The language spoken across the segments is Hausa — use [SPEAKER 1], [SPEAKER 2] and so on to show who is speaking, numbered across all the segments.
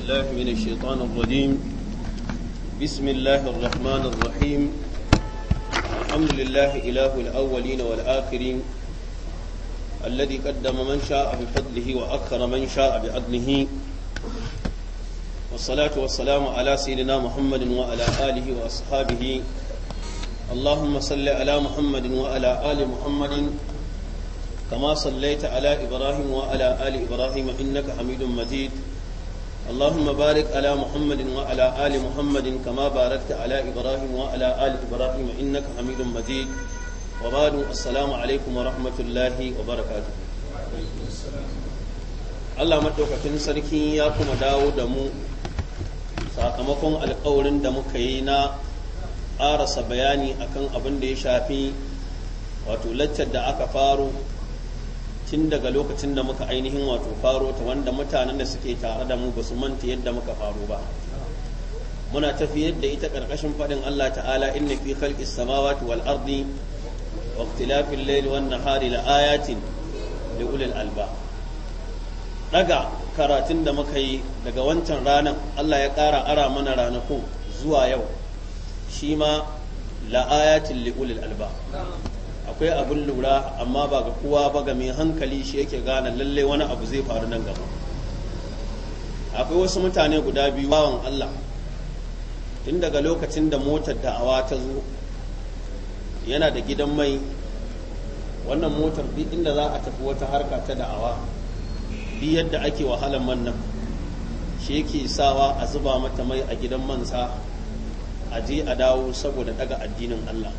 [SPEAKER 1] بالله من الشيطان الرجيم بسم الله الرحمن الرحيم الحمد لله إله الأولين والآخرين الذي قدم من شاء بفضله وأخر من شاء بعدله والصلاة والسلام على سيدنا محمد وعلى آله وأصحابه اللهم صل على محمد وعلى آل محمد كما صليت على إبراهيم وعلى آل إبراهيم إنك حميد مجيد اللهم بارك على محمد وعلى آل محمد كما باركت على إبراهيم وعلى آل إبراهيم إنك حميد مجيد وبعد السلام عليكم ورحمة الله وبركاته Allah maɗaukakin sarki ya kuma dawo da mu sakamakon alkawarin da muka yi na ƙarasa bayani akan abin da ya shafi wato laccar da aka faro tun daga lokacin da muka ainihin wato faro ta wanda mutanen da suke tare da mu ba su manta yadda muka faro ba muna tafiyar da ita karkashin faɗin Allah ta'ala inna fi khalqis samawati wal ardi wa ikhtilafil layli wan nahari la ayatin li ulil daga karatun da muka yi daga wancan ranar Allah ya ƙara ara mana ranaku zuwa yau shi ma la ayatin li ulil akwai abin lura amma ba ga kowa ba ga mai hankali shi yake gane lallai wani abu zai faru nan gaba akwai wasu mutane guda biyu bawan Allah tun daga lokacin da motar da'awa ta zo yana da gidan mai wannan motar duk inda za a tafi wata harka ta da'awa bi yadda ake wahalar man nan shi yake sawa a zuba mata mai a gidan mansa a je a dawo saboda daga addinin Allah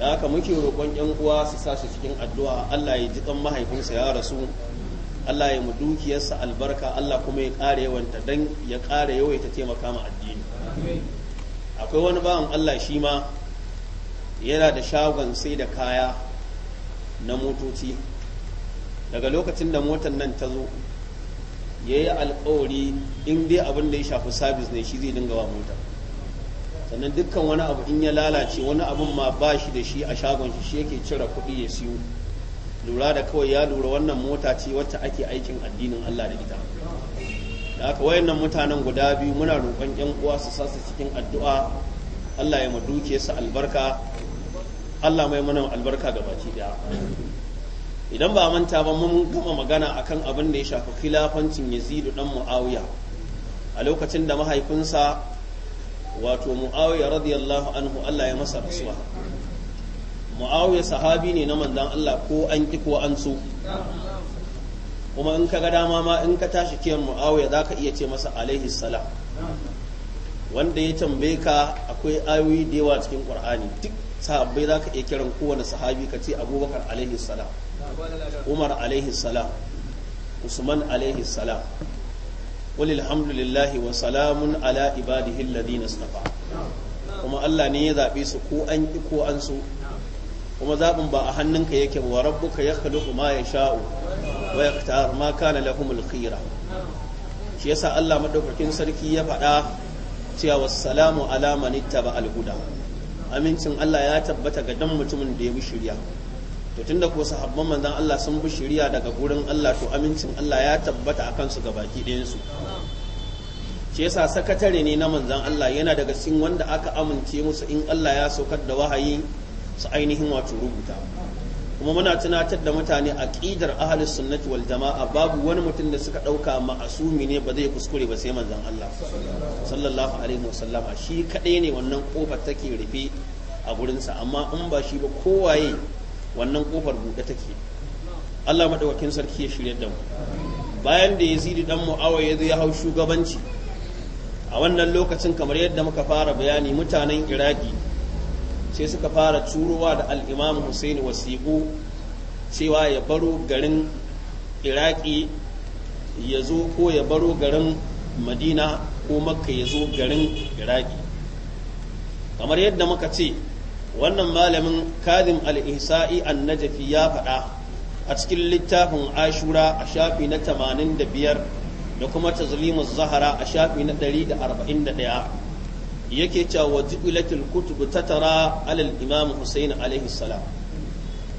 [SPEAKER 1] da haka muke roƙon yan uwa su sa su cikin addu'a Allah ya ji dan mahaifinsa ya rasu Allah ya mu dukiyarsa albarka Allah kuma ya ƙara yawanta dan ya ƙara yawaita taimaka ma addini akwai wani bawan Allah shi ma yana da shagon sai da kaya na motoci daga lokacin da motar nan ta zo ya yi alkawari in dai abin da ya shafi sabis ne shi zai dinga wa motar sannan dukkan wani abu in ya lalace wani abun ma ba shi da shi a shagon shi shi yake cire kuɗi ya siyo lura da kawai ya lura wannan mota ce wacce ake aikin addinin Allah da ita da aka wayannan mutanen guda biyu muna roƙon ƴan uwa su sasa cikin addu'a Allah ya ma duke su albarka Allah mai mana albarka ga baki daya idan ba manta ba mun gama magana akan abin da ya shafi khilafancin Yazid dan Muawiya a lokacin da mahaifinsa wato muawiya radiyallahu anhu Allah ya masa rasuwa muawiya sahabi ne na manzon Allah ko an ki ko an so kuma in ka ga dama ma in ka tashi kiyan muawiya zaka iya ce masa alaihi salam wanda ya tambaye ka akwai ayoyi da yawa cikin qur'ani duk sahabbai za ka iya kiran kowane sahabi ka ce abubakar alaihi salam umar alaihi salam usman alaihi salam walil hamdulillahi wa salamun ala ibadihi alladhina istafa kuma Allah ne ya zaɓe su ko an ki ko an so kuma zabin ba a hannunka yake wa rabbuka yakhluqu ma yasha'u wa yaktar ma kana lahumul khira shi yasa Allah madaukakin sarki ya faɗa cewa wassalamu ala man ittaba al-huda amincin Allah ya tabbata ga dan mutumin da ya bi shirya to tunda ko sahabban manzon Allah sun bi shari'a daga gurin Allah to amincin Allah ya tabbata akan su gabaki ɗayan su shi yasa sakatare ne na manzan Allah yana daga cikin wanda aka amince musu in Allah ya saukar da wahayi su ainihin wato rubuta kuma muna tunatar da mutane aqidar ahli sunnati wal jama'a babu wani mutum da suka dauka ma'asumi ne ba zai kuskure ba sai manzon Allah sallallahu alaihi wasallam shi kadai ne wannan kofar take rufe a gurinsa amma in ba shi ba kowaye wannan kofar buɗe take Allah maɗaukakin sarki ya shirya da mu bayan da yazidi dan mu'awa ya zo ya hau shugabanci a wannan lokacin kamar yadda muka fara bayani mutanen iraki sai suka fara turowa da al'imam hussein wasiƙu cewa ya baro garin iraki ya zo ko ya baro garin madina ko makka ya zo garin iraki kamar yadda muka ce wannan malamin kadim al-ihsa'i an-najafi ya faɗa a cikin littafin ashura a shafi na 85 da kuma tazlimu zahara a shafi na 141 yake cewa ju'ilatul kutub tatara alal imam husain alaihi salam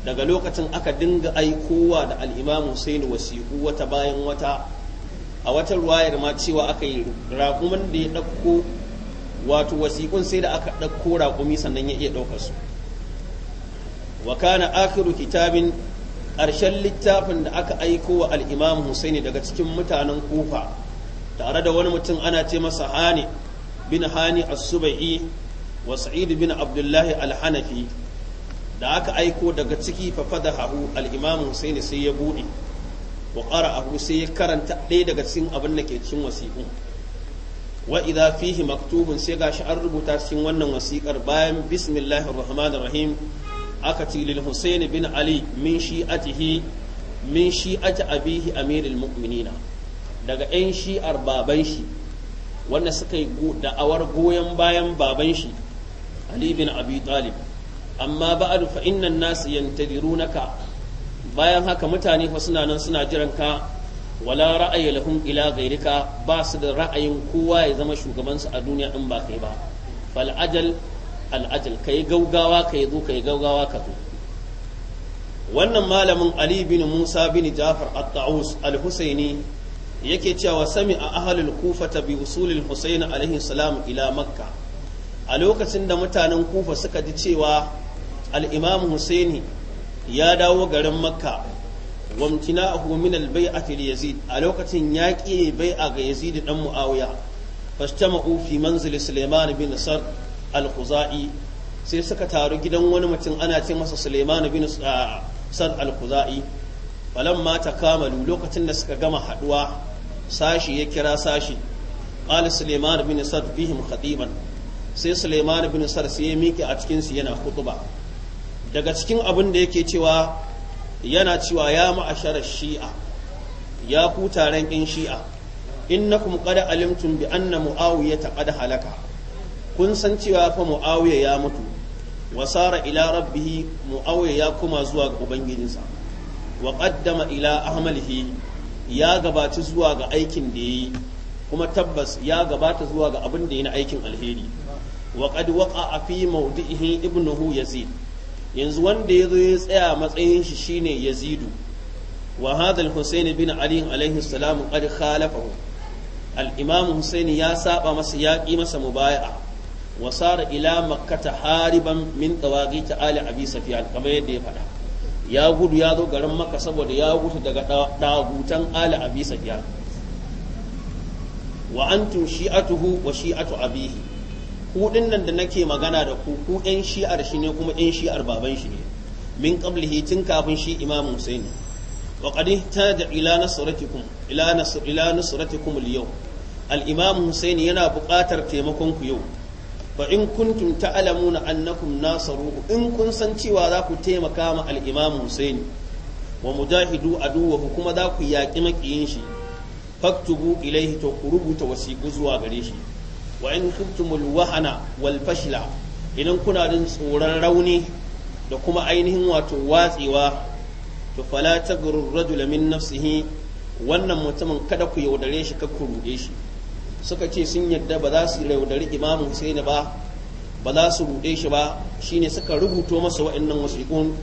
[SPEAKER 1] daga lokacin aka dinga aikowa da al-imam husain wasiqu wata bayan wata a wata ruwayar ma cewa aka yi raƙuman da ya ɗauko wato wasiƙun sai da aka ɗauko raƙumi sannan ya iya ɗaukar su wa kana akiru kitabin ƙarshen littafin da aka aiko wa al'imam husaini daga cikin mutanen kufa tare da wani mutum ana ce masa hani bin hani as-subai wa sa'id bin abdullahi alhanafi da aka aiko daga ciki fa fadahu al-imam husaini sai ya buɗe wa qara'ahu sai ya karanta ɗaya daga cikin abin da ke cikin wasiƙun wa idza fihi maktubun sai gashi an rubuta cikin wannan wasiƙar bayan bismillahir rahmanir rahim aka ce lil husayn bin ali min shi'atihi min shi'ati abihi amirul mu'minina daga yan shi'ar baban shi wanda suka yi da'awar goyon bayan baban shi ali bin abi talib amma ba'adu fa innan nasu yantadirunaka bayan haka mutane fa suna nan suna jiran ka wala ra'ayi lahum ila ghayrika ba su da ra'ayin kowa ya zama shugabansu a duniya in ba kai ba fal ajal al ajal kai gaugawa kai zo kai gaugawa ka zo wannan malamin ali bin musa bin jafar at-ta'us al-husaini yake cewa sami a ahalul kufa ta bi usulil husaini alaihi salam ila makka a lokacin da mutanen kufa suka ji cewa al-imam husaini ya dawo garin makka wamtina'ahu min bai baiati li yazid a lokacin ya bai a ga yazid ɗan muawiya fastama'u fi manzil sulaiman bin al sai suka taru gidan wani mutum ana ce masa sulaiman bin ah, sar al-khuzai falamma takamalu lokacin da suka gama haduwa sashi ya kira sashi qala sulaiman bin sar fihim khatiban sai suleiman bin sar sai ya miki a cikin yana khutuba daga cikin abin da yake cewa yana cewa ya ma'asharar shi'a ya ku taron in shi'a kuma kada alimtum bi anna ta kada halaka kun san cewa fa muawiya ya mutu wasara ila rabbihi muawiya ya kuma zuwa ga ubangijinsa wa qaddama ila ahmalihi ya gabaci zuwa ga aikin da yi kuma tabbas ya gabata zuwa ga abin da yi na aikin alheri wa qad waqa'a fi mawdihi ibnuhu yazid yanzu wanda ya zo ya tsaya matsayin shi shine yazidu wa hadha al bin ali alaihi salam qad khalafahu al-imam husayn ya saba masa yaƙi masa mubaya'a wa sara ila makkata hariban min tawagi ta ali abi safiyan kamar yadda ya faɗa ya gudu ya zo garin makka saboda ya gudu daga dagutan ali abi safiyan wa antum shi'atuhu wa shi'atu abihi kuɗin nan da nake magana da ku ku yan shi'ar shi ne kuma yan shi'ar baban shi ne min qablihi tun kafin shi imam husaini wa qad ihtada ila nasratikum ila nasr ila nasratikum al-yawm al-imam husaini yana buƙatar taimakon ku yau fa in kuntum ta'lamuna annakum nasaruhu in kun san cewa za ku taimaka ma al-imam husaini wa mujahidu aduwahu kuma za ku yaƙi makiyin shi faktubu ilaihi to ku rubuta wasiƙu zuwa gare shi wa in wahana wal fashila idan kuna jin tsoron rauni da kuma ainihin wato watsewa to fala tagrur rajula min nafsihi wannan mutumin kada ku yaudare shi ka ku rude shi suka ce sun yadda ba za su yaudari imamu Husaini ba ba za su rude shi ba shine suka rubuto masa wa'annan wasiqun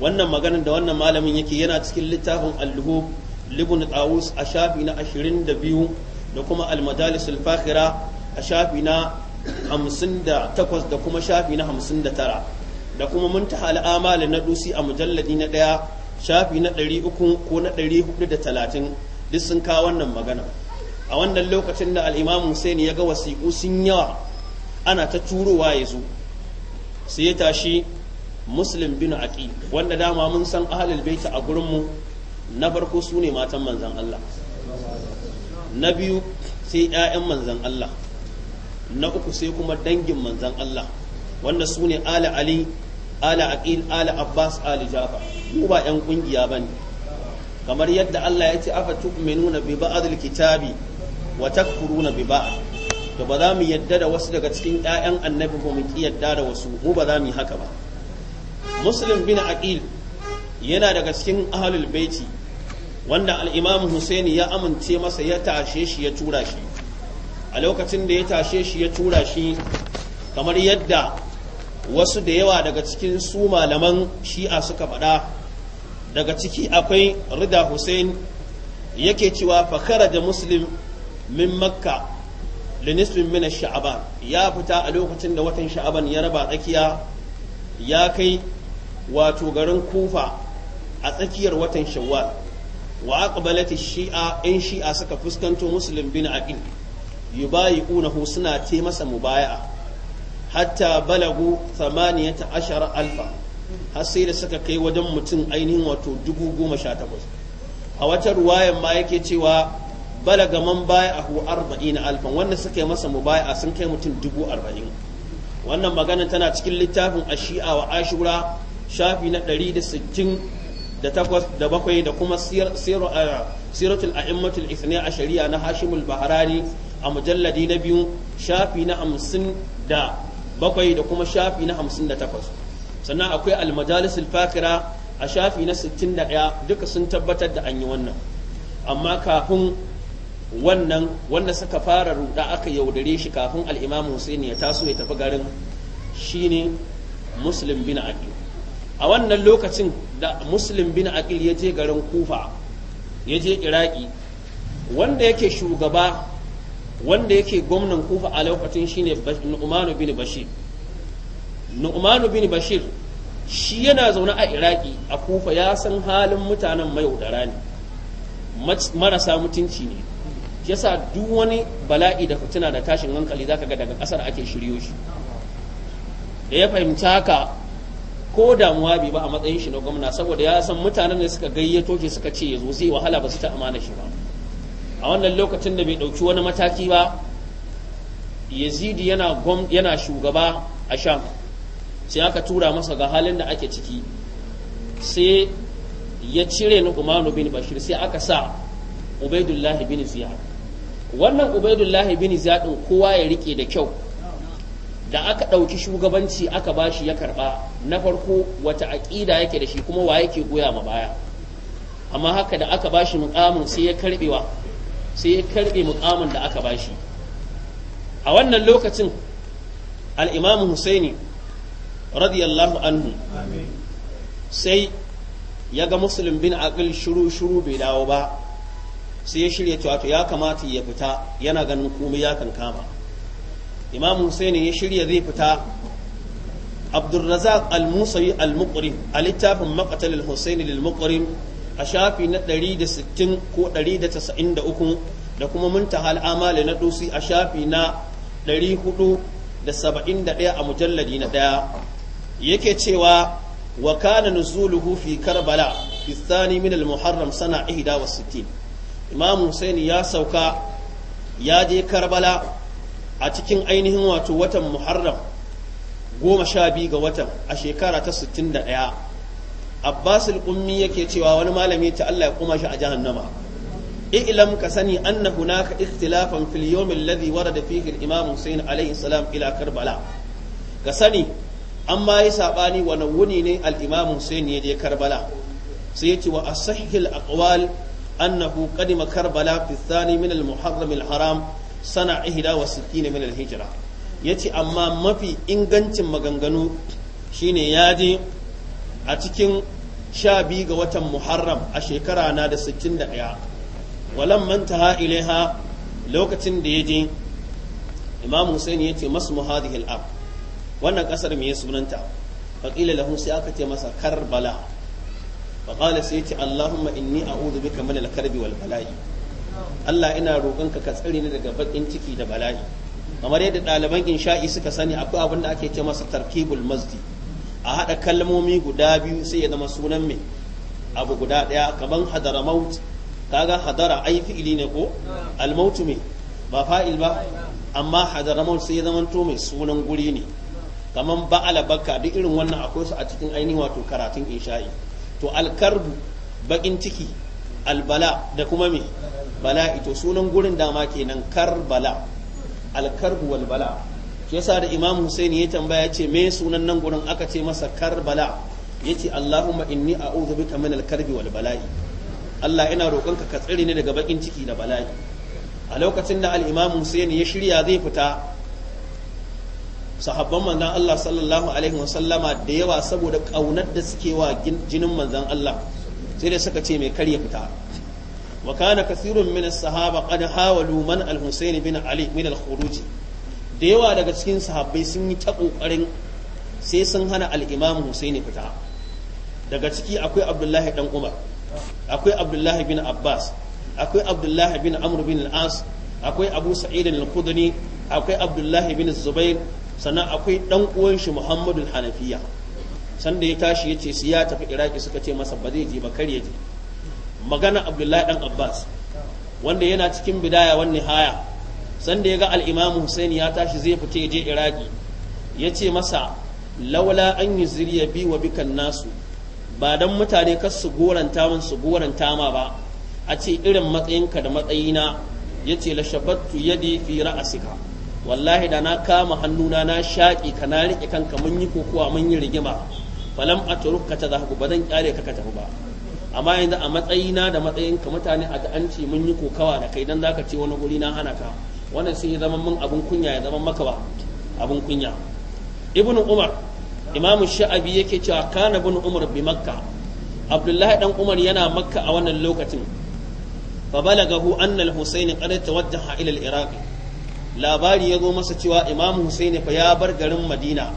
[SPEAKER 1] wannan maganar da wannan malamin yake yana cikin littafin alluhu libun tawus a shafi na 22 da kuma almadalis al a shafi na 58 da kuma shafi na 59 da kuma muntaha al'amali na dusi a mujalladi na ɗaya shafi na 300 ko na 430 duk sun kawo wannan magana a wannan lokacin da al'imam Hussein ya ga wasiƙu sun yawa ana ta turowa ya zo sai ya tashi muslim bin aqi wanda dama mun san ahlul baita a gurinmu na farko su ne matan manzan Allah na biyu sai 'ya'yan manzan Allah na uku sai kuma dangin manzan Allah wanda su ne ala ali ala aqil ala abbas ali jafar mu ba yan kungiya bane kamar yadda Allah ya ce afa tu'minuna bi ba'dil kitabi wa takfuruna bi ba'd to ba za mu yadda da wasu daga cikin ƴaƴan annabi ba mu ki yadda da wasu mu ba za mu yi haka ba muslim bin aqil yana daga cikin ahlul baiti wanda al-imam husaini ya amince masa ya tashe shi ya tura shi a lokacin da ya tashe shi ya tura shi kamar yadda wasu da yawa daga cikin su malaman shi'a suka faɗa daga ciki akwai rida hussein yake cewa fakara da muslim min makka linisbin mina sha'aban ya fita a lokacin da watan sha'aban ya raba tsakiya ya kai wato garin kufa a tsakiyar watan shawwal wa aqbalati shi'a in shi'a suka fuskanto muslim bin aqil yubayi'unahu suna te masa mubaya'a hatta balagu 18 alfa har sai da suka kai wajen mutum ainihin wato 18,000 a wata ruwayan ma yake cewa balaga man baya'ahu 40 alfan wanda suka yi masa mubaya'a sun kai mutum 40 wannan magana tana cikin littafin ashi'a wa ashura shafi na 168 da takwas da bakwai da kuma eh, siratul a'immatul ithniya a shari'a na hashimul baharani a mujalladi na biyu shafi na hamsin da bakwai da kuma shafi na hamsin da takwas sannan akwai almajalis alfakira a shafi na sittin da ɗaya duka sun tabbatar da an yi wannan amma kafin wannan wanda suka fara ruda aka yaudare shi kafin alimam hussein ya taso ya tafi garin shine muslim bin aqil a wannan lokacin da muslim bin aqil ya je garin kufa ya je iraki wanda yake shugaba wanda yake gwamnan kufa a lokacin shine nu'manu bin bashir nu'manu bin bashir shi yana zaune a iraki a kufa ya san halin mutanen mai udara ne marasa mutunci ne yasa duk wani bala'i da fitina da tashin hankali zaka ga daga kasar ake shiryo shi da ya fahimta haka ko damuwa bai ba a matsayin shi na gwamna saboda ya san mutanen da suka gayyato shi suka ce ya zo zai wahala ba su ta amana shi ba a wannan lokacin da bai ɗauki wani mataki ba yazidi yana yana shugaba a sham sai aka tura masa ga halin da ake ciki sai ya cire ni umaru bin bashir sai aka sa ubaidullahi bin ziyad wannan ubaidullahi bin ziyad kowa ya rike da kyau da aka ɗauki shugabanci aka bashi ya karɓa na farko wata aƙida yake da shi kuma wa yake goya ma baya amma haka da aka ba shi mukamin sai ya karɓewa sai ya karbe mukamin da aka bashi a wannan lokacin al-imam Husaini radiyallahu anhu sai ya ga musulun bin aqil shuru shuru bai dawo ba sai ya shirya cewa ya kamata ya fita yana ganin komai ya kan kama imam Husaini ya shirya zai fita Abdulrazak al-Musawi al-Muqrim a littafin maqtal husaini lil-Muqrim a shafi na 160 ko 193 da kuma muntahal amali na dusi a shafi na 471 a mujalladi na daya yake cewa wa kana nuzuluhu fi karbala fi thani min al-muharram sana 61 imam husaini ya sauka ya je karbala a cikin ainihin wato watan muharram goma sha biyu ga watan a shekara ta 61 abbas al-ummi yake cewa wani malami ta Allah ya kuma shi a jahannama i'lam ka sani anna hunaka ikhtilafan fil yawm alladhi warada fihi al-imam Hussein alayhi salam ila Karbala ka sani amma yi sabani wani wuni ne al-imam Hussein ya je Karbala sai yace wa asahhil aqwal annahu qadima Karbala fi thani min al-muharram al-haram sana 61 min al-hijra yace amma mafi ingancin maganganu shine ya je a cikin sha biyu ga watan muharram a shekara na da ɗaya. walan mantaha ilaiha lokacin da ya je imam hussein ya ce masu muhadihil ab wannan kasar mai sunanta faƙila lahu sai aka ce masa karbala faƙala sai ce allahumma inni a bika min al-karbi wal bala'i Allah ina roƙonka ka tsare ni daga baƙin ciki da bala'i kamar yadda ɗaliban insha'i suka sani akwai abin da ake ce masa tarkibul masjid a haɗa kalmomi guda biyu sai ya zama sunan mai abu guda ɗaya kaman hadara maut kaga hadara ai fi'ili ne ko almautu mai ba fa'il ba amma hadara maut sai ya zama to mai sunan guri ne kaman ba'ala bakka duk irin wannan akwai su a cikin ainihin wato karatun insha'i to alkarbu bakin ciki albala da kuma mai bala'i to sunan gurin dama kenan karbala alkarbu wal bala' shi yasa da Imam Hussein ya tambaya ce me sunan nan gurin aka ce masa Karbala yace Allahumma inni a'udhu bika min al-karbi wal bala'i Allah ina roƙonka ka tsare ni daga bakin ciki da bala'i a lokacin da al-Imam Hussein ya shirya zai fita sahabban manzan Allah sallallahu alaihi wasallama da yawa saboda kaunar da suke wa jinin manzan Allah sai da suka ce mai karya fita wa kana kathirun min as-sahaba qad hawalu man al-Husayn bin Ali min al-khuruj da yawa daga cikin sahabbai sun yi ta kokarin sai sun hana al'imam imam Husaini fita daga ciki akwai Abdullahi dan Umar akwai Abdullahi bin Abbas akwai Abdullahi bin Amr bin al akwai Abu Sa'id al-Khudri akwai Abdullahi bin Zubair sannan akwai dan uwan shi Muhammadu hanafiya sanda ya tashi ce su ya tafi Iraki suka ce masa ba zai je ba kar ya je magana Abdullahi dan Abbas wanda yana cikin bidaya wan haya. sanda ya ga al'imamu Hussein ya tashi zai fita ya je Iraki ya ce masa laula an yi ziriya bi wa bikan nasu ba don mutane kas su goranta min su goranta ma ba a ce irin matsayinka da matsayina ya ce la shabattu yadi fi ra'asika wallahi da na kama hannuna na shaƙi ka na riƙe kanka mun yi kokowa mun yi rigima falam a ka ta zahabu ba zan kyale ka ka tafi ba amma yanzu a matsayina da matsayinka mutane a da an ce mun yi kokawa da kai dan zaka ce wani wuri na hana ka wannan sai ya zama mun abun kunya ya zama maka ba abun kunya ibnu umar imamu sha'abi yake cewa kana ibnu umar bi makka abdullahi dan umar yana makka a wannan lokacin fa balagahu anna al-husayn qad tawajjaha ila al-iraq labari ya zo masa cewa imamu husayn fa ya bar garin madina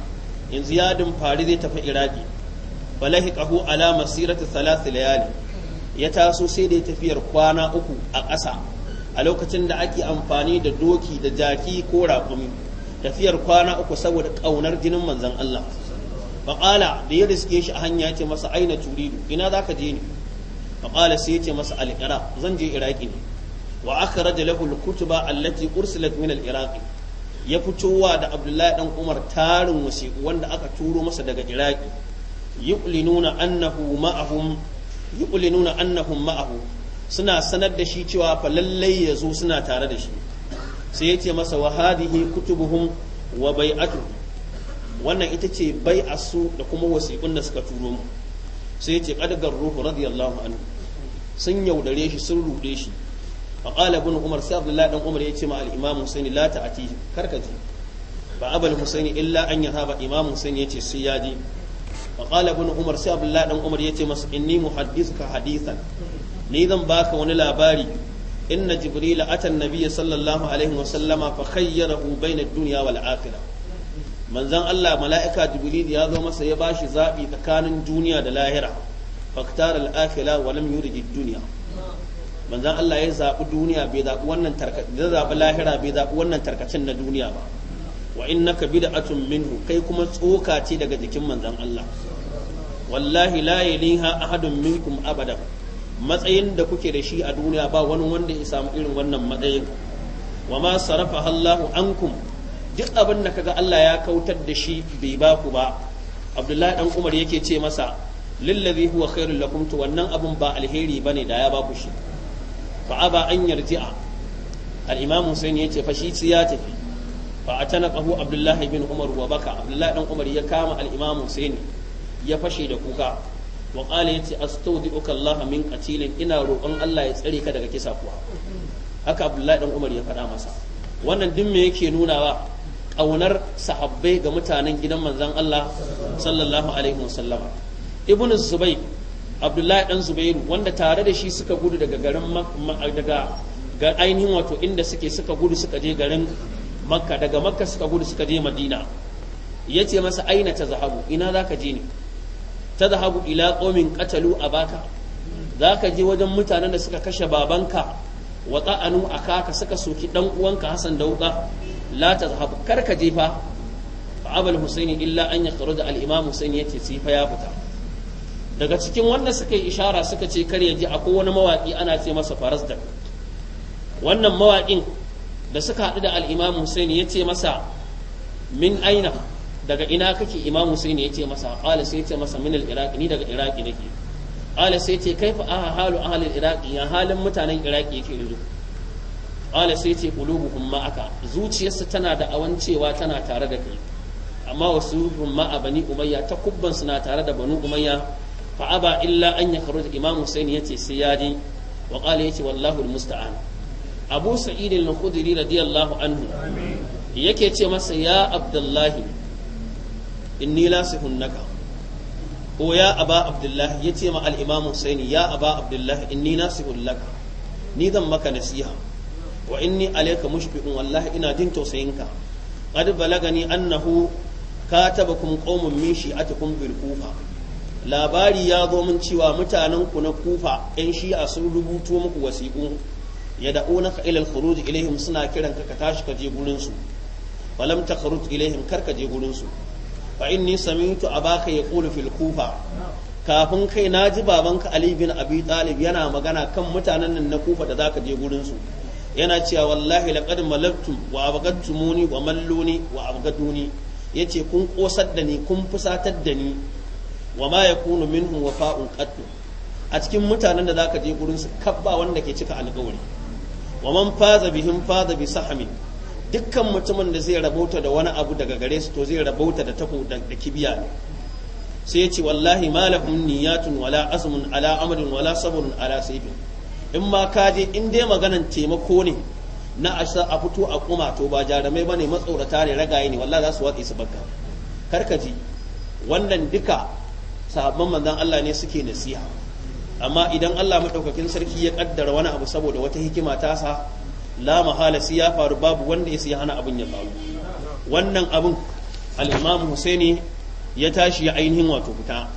[SPEAKER 1] yanzu ya dumfari zai tafi iraki falahiqahu ala masirati thalath layali ya taso sai da tafiyar kwana uku a ƙasa a lokacin da ake amfani da doki da jaki ko raƙumi tafiyar kwana uku saboda ƙaunar jinin manzon Allah faƙala da ya riske shi a hanya ce masa aina turidu ina za ka je ne faƙala sai ya ce masa alƙira zan je iraki ne wa aka lahu, lahul kutuba allati ursilat min al ya fitowa da abdullahi dan umar tarin wasiƙu wanda aka turo masa daga iraki yuqlinuna annahu ma'ahum yuqlinuna annahum ma'ahu suna sanar da shi cewa fa lallai ya zo suna tare da shi sai ya ce masa wa hadihi kutubuhum wa bai'atu wannan ita ce bai'asu da kuma wasiƙun da suka turo mu sai ya ce qadgar ruhu radiyallahu anhu sun yaudare shi sun rude shi fa qala ibn umar sai abdullahi dan umar ya ce ma al-imam husayn la ta'tihi karkaji ba abul husayn illa an yahaba imam husayn ya ce sai ya ji fa qala ibn umar sai abdullahi dan umar ya ce masa inni muhaddithuka hadithan ni zan baka wani labari inna jibril atan nabiyya sallallahu alaihi wa sallama fa khayyarahu bayna ad-dunya wal akhirah manzon Allah mala'ika jibril ya zo masa ya bashi zabi tsakanin duniya da lahira faktar al-akhirah wa lam yurid ad-dunya manzon Allah ya zabi duniya bai zabi wannan tarkacin da zabi lahira bai zabi wannan tarkacin na duniya ba wa innaka bid'atun minhu kai kuma tsoka ce daga jikin manzon Allah wallahi la yaliha ahadun minkum abada matsayin da kuke da shi a duniya ba wani wanda ya samu irin wannan matsayin wa ma sarafa Allahu ankum duk abin da kaga Allah ya kautar da shi bai ba ku ba Abdullahi dan Umar yake ce masa lillazi huwa khairul lakum to wannan abun ba alheri bane da ya ba ku shi fa aba an yarji'a al-imam Hussein yace fa shi ya tafi fa atanaqahu Abdullahi bin Umar wa baka Abdullahi dan Umar ya kama al-imam Hussein ya fashe da kuka wa qala yace astaudi'uka Allah min qatilin ina roƙon Allah ya tsare ka daga kisa kuwa haka Abdullahi dan Umar ya faɗa masa wannan duk me yake nuna wa ƙaunar sahabbai ga mutanen gidan manzon Allah sallallahu alaihi wasallama ibnu zubayr Abdullahi dan Zubairu wanda tare da shi suka gudu daga garin daga ga ainihin wato inda suke suka gudu suka je garin Makka daga Makka suka gudu suka je Madina yace masa aina ta zahabu ina zaka je ni. tadhhabu ila qaumin qatalu abaka zaka je wajen mutanen da suka kashe babanka wa ta'anu akaka suka soki dan uwanka Hassan da wuka la tadhhabu karka je fa abul husaini illa an da al imam husaini yace sai ya fita daga cikin wanda suka yi ishara suka ce kar ya je akwai wani mawaki ana ce masa farazdak wannan mawaƙin da suka haɗu da al imam ya ce masa min aina daga ina kake imam ya ce masa qala sai masa min al-iraq ni daga iraq nake qala sai yace kaifa aha halu ahli al-iraq ya halin mutanen iraq yake yanzu qala sai yace qulubuhum ma'aka zuciyarsu tana da awancewa tana tare da kai amma wasu ma'a bani umayya ta kubban suna tare da banu umayya fa aba illa an yakhruj imam husaini yace sai ya ji wa qala yace wallahu al-musta'an abu sa'id al-khudri radiyallahu anhu yake ce masa ya abdullahi inni naka. o ya aba abdullahi ya ce ma al-imam husaini ya aba abdullahi inni nasihun laka ni zan maka nasiha wa inni alayka mushfiqun wallahi ina jin tausayin ka qad balagani annahu katabakum qaumun min shi'atikum bil kufa labari ya zo min cewa mutanen ku na kufa yan shi'a sun rubuto muku wasiƙu ya da'unaka ila ilal khuruj ilaihim suna kiran ka ka tashi ka je gurin su falam takhruj ilaihim kar ka je gurin su fa inni sami'tu abaka yaqulu fil kufa kafin kai na ji babanka ali bin abi talib yana magana kan mutanen nan na kufa da zaka je gurin su yana cewa wallahi laqad malaktu wa abgadtumuni wa malluni wa abgaduni yace kun kosar da ni kun fusatar da ni wa ma yakunu minhum wafa'un qattu a cikin mutanen da zaka je gurin su kabba wanda ke cika alƙawari wa man faza bihim faza bi sahamin dukkan mutumin da zai rabauta da wani abu daga gare su to zai rabauta da tako da kibiya sai ya ce wallahi ma niyatun wala azmun ala wala sabrun ala in ma ka je in dai maganan taimako ne na asa a fito a kuma to ba jarumai bane matsorata ne ragaye ne wallahi za su watsi su bakka karkaji wannan duka sahabban manzon Allah ne suke nasiha amma idan Allah madaukakin sarki ya kaddara wani abu saboda wata hikima ta sa la mahala sai ya faru babu wanda ya hana abin ya faru wannan abin al-Imam Husaini ya tashi ya ainihin wato fita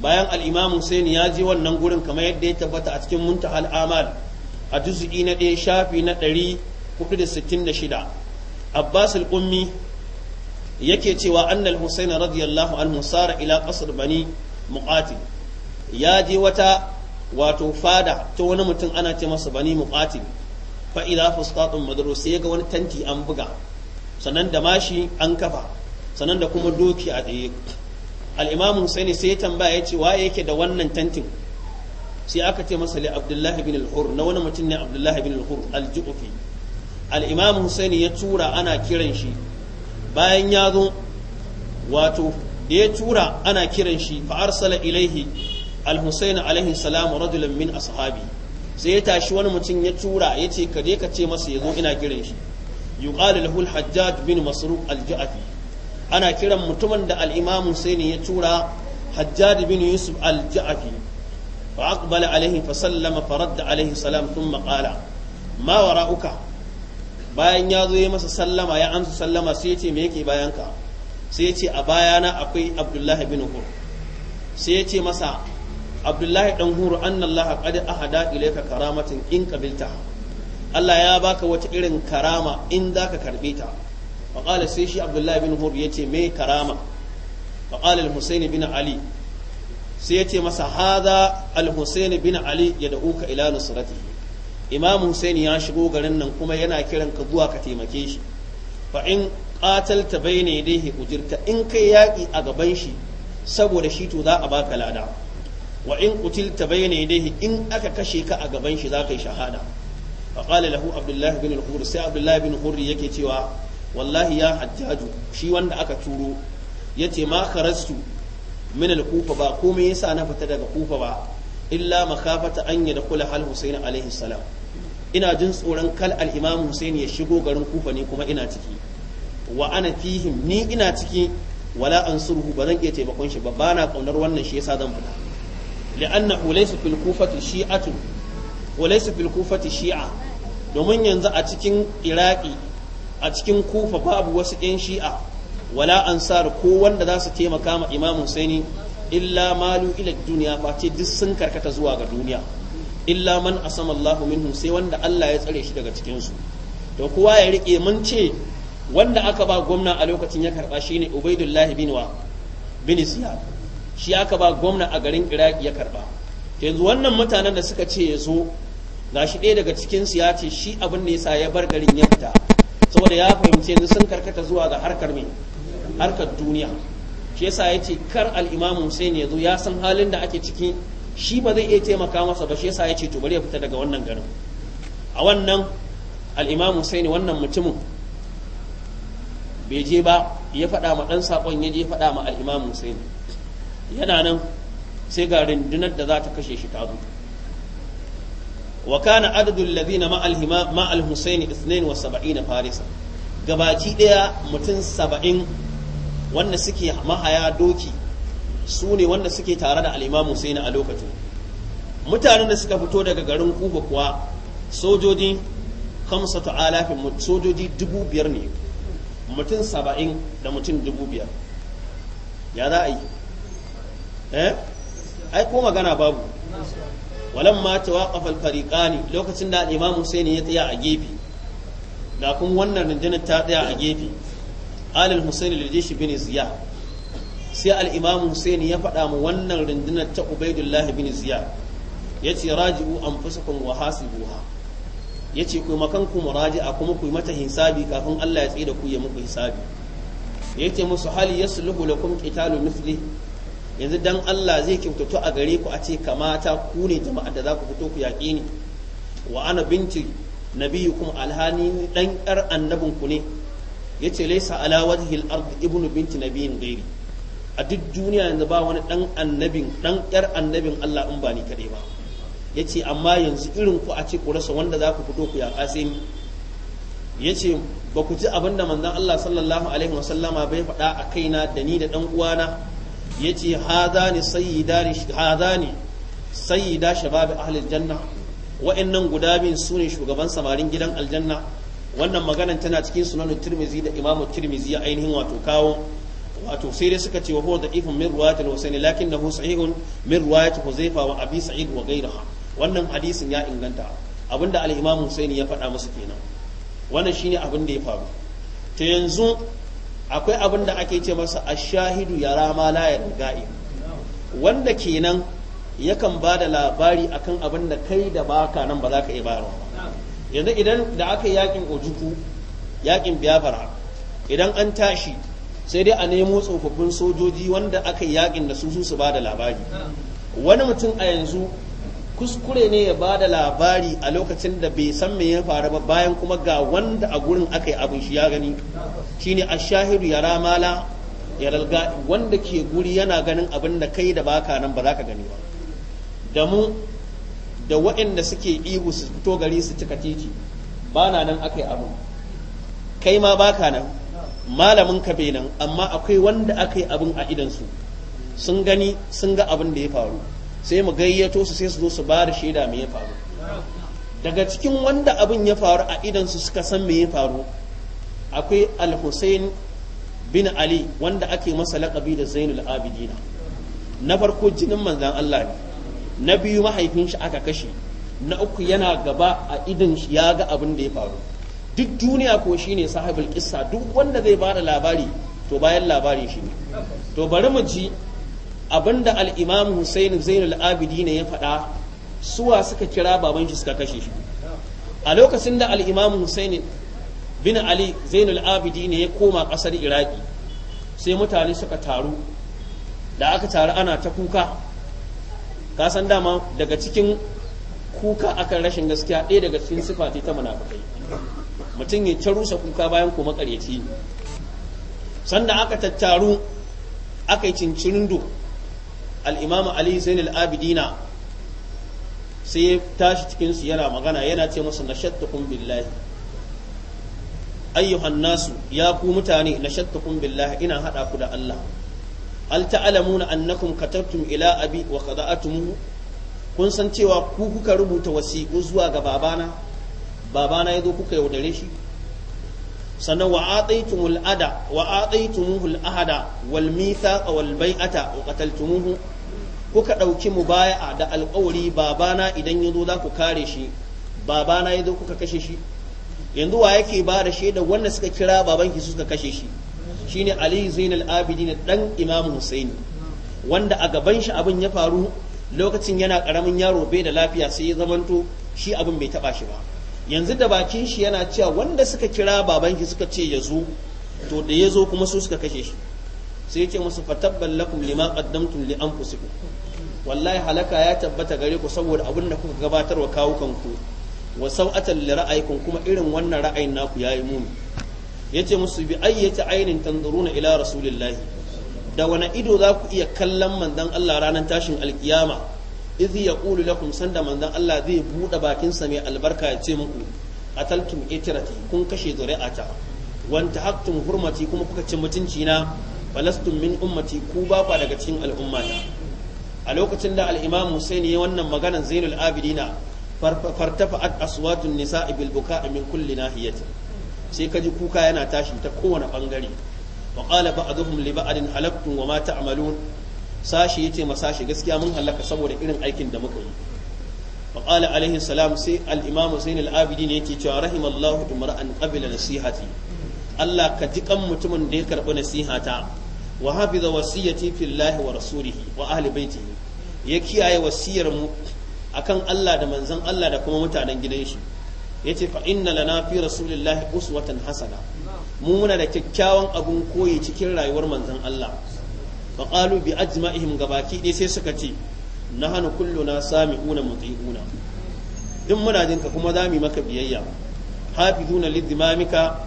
[SPEAKER 1] bayan al-Imam Husaini ya je wannan gurin kamar yadda ya tabbata a cikin Muntahal Amal a juz'i na ɗaya shafi na 466 Abbas al-Ummi yake cewa annal Husaini radiyallahu anhu sara ila qasr bani muqatil ya je wata wato fada ta wani mutum ana ce masa bani muqatil faida idza fustatun madrus sai ga wani tanti an buga sannan da mashi an kafa sannan da kuma doki a tsaye al-imamu sai ya tambaya ya ce waye yake da wannan tantin sai aka ce masa li abdullahi bin al-hur na wani mutum ne abdullahi bin al-hur al-ju'fi al-imamu husaini ya tura ana kiran shi bayan ya zo wato da ya tura ana kiran shi fa arsala ilaihi al-husaini alaihi salam rajulan min ashabi sai ya tashi wani mutum ya tura ya ce ka je ka ce masa ya zo ina kiran shi yuqalu lahu al-hajjaj bin masruq al-ja'fi ana kiran mutumin da al-imam ya tura hajjaj bin yusuf al-ja'fi fa aqbala alayhi fa sallama fa radda alayhi salam thumma qala ma wara'uka bayan ya zo ya masa sallama ya amsa sallama sai ya ce me yake bayanka sai ya ce a bayana akwai abdullahi bin hur sai ya ce masa abdullahi dan huru annallaha qad ahada ilayka karamatin in qabilta Allah ya baka wata irin karama in zaka karbe ta fa qala sai shi abdullahi bin hur yace me karama fa qala al-husayn bin ali sai yace masa hada al-husayn bin ali yad'uka ila nusratihi imam husayn ya shigo garin nan kuma yana kiran ka zuwa ka taimake shi fa in qatalta bayna yadayhi ujirta in kai yaki a gaban shi saboda shi to za a baka lada wa in qutilta bayna yadayhi in aka kashe ka a gaban shi zaka yi shahada fa qala lahu bin al sai abdullah bin ya ke cewa wallahi ya hajjaju shi wanda aka turo yace ma kharastu min al-kufa ba komai yasa na fita daga kufa ba illa makafata an yadkhula hal husayn alaihi salam ina jin tsoron kal al-imam husayn ya shigo garin kufa ne kuma ina ciki wa ana fihim ni ina ciki wala ansuruhu ba zan iya taimakon shi ba bana kaunar wannan shi yasa zan fita li'annahu laysa fil kufati shi'atu shi'a domin yanzu a cikin iraki a cikin kufa babu wasu yan shi'a wala ansar ko wanda za su taimaka ma imam husaini illa malu ila duniya fa ce duk sun karkata zuwa ga duniya illa man asama Allahu minhum sai wanda Allah ya tsare shi daga cikinsu to kowa ya rike mun ce wanda aka ba gwamna a lokacin ya karba shine Ubaidullahi bin wa bin shi aka ba gwamna a garin iraki ya karba yanzu wannan mutanen da suka ce ya zo shi ɗaya daga cikin su ya ce shi abin da yasa ya bar garin ya fita saboda ya fahimci yanzu sun karkata zuwa ga harkar mai harkar duniya shi yasa ya ce kar al-imamu Hussein ya zo ya san halin da ake ciki shi ba zai iya taimaka masa ba shi yasa ya ce to bari ya fita daga wannan garin a wannan al-imamu Hussein wannan mutumin bai je ba ya faɗa ma ɗan sakon ya je faɗa ma al-imamu Hussein yana nan sai ga rundunar da za ta kashe shi ta zo wa kana adadul ladina ma al ma alhusaini 72 farisa gabaci daya mutum 70 wanda suke mahaya doki su ne wanda suke tare da al-imam a lokacin mutanen da suka fito daga garin Kuba kuwa sojoji 5000 sojoji dubu biyar ne mutum saba'in da mutum dubu biyar ya za a yi Eh? ai ko magana babu walan ma tawaqafa al-fariqani lokacin da sai ne ya tsaya a gefe da kun wannan rundunar ta tsaya a gefe alil al lijishi bin ziya sai al-Imam ya faɗa mu wannan rundunar ta Ubaidullah bin ziya yace raji'u anfusakum wa hasibuha yace ku makan ku muraji'a kuma ku mata hisabi kafin Allah ya tsira ku ya muku hisabi yace musu hali yasluhu lakum qitalu mithlihi yanzu dan Allah zai kyautatu a gare ku a ce kamata ku ne jama'a da za ku fito ku yaƙe ni wa ana binti kuma alhani dan ƙar annabin ku ne ya yace laysa ala wajhil ard ibnu binti nabiyin gairi a duk duniya yanzu ba wani dan annabin dan ƙar annabin Allah in ba ni kaɗai ba ya ce amma yanzu irin ku a ce ku rasa wanda za ku fito ku yaƙa sai ni ya ce ba ku ji abinda manzon Allah sallallahu alaihi wasallama bai faɗa a kaina da ni da dan uwana ya ce sayyidani ne sayyida shabab ahli aljanna wa'annan guda biyun sune shugaban samarin gidan aljanna wannan maganan tana cikin sunan tirmizi da imamu tirmizi ya ainihin wato kawo wato sai dai suka ce wa huwa da'ifun min riwayat al-husayn lakinnahu sahihun min riwayat huzaifa wa abi sa'id wa ghayriha wannan hadisin ya inganta abinda al-imam husaini ya faɗa musu kenan wannan shine abin da ya faru ta yanzu akwai abin da ake ce masa ashahidu ya rama layar ga'i wanda kenan yakan ba da labari akan abin da kai da baka nan ba za ka iya ba yanzu idan da aka yakin ojuku yakin biyafara idan an tashi sai dai a nemo tsofaffin sojoji wanda aka yakin da su su ba da labari wani mutum a yanzu kuskure ne ya ba da labari a lokacin da bai san me ya faru ba bayan kuma ga wanda a gurin aka yi abin shi ya gani shine ashahiru ya ramala ya ralga wanda ke guri yana ganin abin da kai da baka nan ba za ka gani ba da mu da waɗanda suke ihu su fito gari su cika titi ba na nan aka yi abin kai ma baka nan malamin ka bai nan amma akwai wanda aka yi abin a idansu sun gani sun ga abin da ya faru sai mu gayyato su sai su zo su ba da shaida me ya faru daga cikin wanda abin ya faru a idan su suka san me ya faru akwai al bin Ali wanda ake masa laƙabi da Zainul Abidina na farko jinin manzan Allah ne na biyu mahaifin shi aka kashe na uku yana gaba a idan shi ya ga abin da ya faru duk duniya ko shine sahibul kissa duk wanda zai bada labari to bayan labari shi ne to bari mu ji abinda alimam husaini zainul abidi ne ya faɗa suwa suka kira baban shi suka kashe shi a lokacin da alimam imam bin Ali Zainul ne ya koma ƙasar Iraki sai mutane suka taru da aka taru ana ta kuka kasan dama daga cikin kuka akan rashin gaskiya ɗaya daga cikin sifati ta munafukai mutum ya ta rusa kuka bayan kuma karyaci sanda aka tattaru aka yi cincirindo al ali zain abidina sai ya tashi cikin su yana magana yana ce musu nashattukum billahi ayyuhan nasu ya ku mutane nashattukum billahi ina hada ku da Allah hal ta'lamuna annakum katabtum ila abi wa qada'atumuhu kun san cewa ku kuka rubuta wasiku zuwa ga babana babana yazo kuka yaudare shi sannan wa ataitumul ada wa ataitumuhu al ahada wal mithaqa wal bai'ata wa qataltumuhu kuka ɗauki mu baya da alƙawari babana idan ya zo za ku kare shi babana ya kuka kashe shi yanzu wa yake ba da shaida wanda suka kira babanki suka kashe shi shine Ali Zainal Abidin dan Imam Husaini wanda a gaban shi abin ya faru lokacin yana karamin yaro bai da lafiya sai ya zamanto shi abin bai taɓa shi ba yanzu da bakin shi yana cewa wanda suka kira babanki suka ce ya zo to da ya zo kuma su suka kashe shi sai ya ce musu fatabban lakum lima qaddamtum li anfusikum wallahi halaka ya tabbata gare ku saboda abin da kuka gabatar wa kawukanku wa sau'atan li ra'ayikum kuma irin wannan ra'ayin naku ya yi muni yace musu bi ayyati ainin na ila rasulillahi da wani ido za ku iya kallon manzon Allah ranar tashin alkiyama idh yaqulu lakum sanda manzon Allah zai buɗe bakin sa mai albarka ya ce muku qataltum itrati kun kashe ta. wanta haktun hurmati kuma kuka ci mutunci na falastum min ummati ku ba daga cikin al'ummata a lokacin da alimam imam Hussein ya wannan maganan Zainul Abidina fartafa'at aswatun nisa bil buka'i min kulli nahiyati sai kaji kuka yana tashi ta kowane bangare wa qala ba'dhum li ba'din halaktum wa ma ta'malun sashi yace ma sashi gaskiya mun halaka saboda irin aikin da muka yi wa qala alaihi salam sai al Hussein al-Abidin yake cewa rahimallahu imra'an qabila nasihati Allah ka ji kan mutumin da ya karbi nasihata wa hafiza wasiyati fillahi wa rasulihi wa ahli baitihi ya kiyaye wasiyar mu akan Allah da manzon Allah da kuma mutanen gidan shi yace fa inna lana fi rasulillahi uswatan hasana mu muna da kyakkyawan abun koyi cikin rayuwar manzon Allah fa qalu bi ajma'ihim gabaki dai sai suka ce nahanu kulluna sami'una muti'una duk muna jin ka kuma zamu maka biyayya hafizuna lidimamika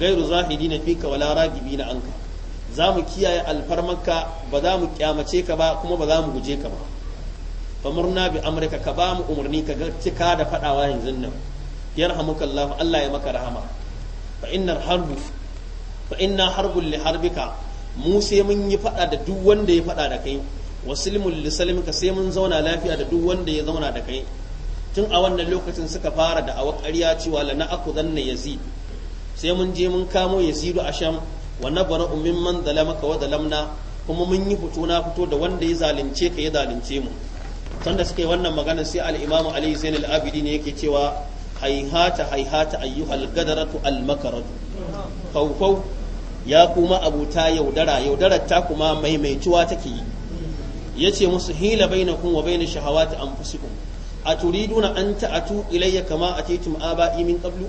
[SPEAKER 1] ghairu zahidina fika wala ragibina anka za mu kiyaye alfarmarka ba za mu kyamace ka ba kuma ba za mu guje ka ba famurna bi amurka ka ba mu umarni ka ga cika da fadawa yanzu nan yarhamukallahu Allah ya maka rahama fa innar harbu fa inna harbul li harbika mu sai mun yi fada da duk wanda ya fada da kai wasilmul li salimika sai mun zauna lafiya da duk wanda ya zauna da kai tun a wannan lokacin suka fara da awa ƙarya cewa la na aku danna yazid sai mun je mun kamo yazidu a sham wa nabara ummin man zalamaka wa zalamna kuma mun yi fito na fito da wanda ya zalunce ka ya zalunce mu sanda suke wannan magana sai al-imamu ali zain al-abidi ne yake cewa haihata haihata ayyuhal gadaratu al-makaratu faufau ya kuma abuta yaudara yaudarar ta kuma maimaituwa take yi yace musu hila bainakum wa bain shahawati anfusikum aturiduna an ta'atu ilayya kama atitum aba'i min qablu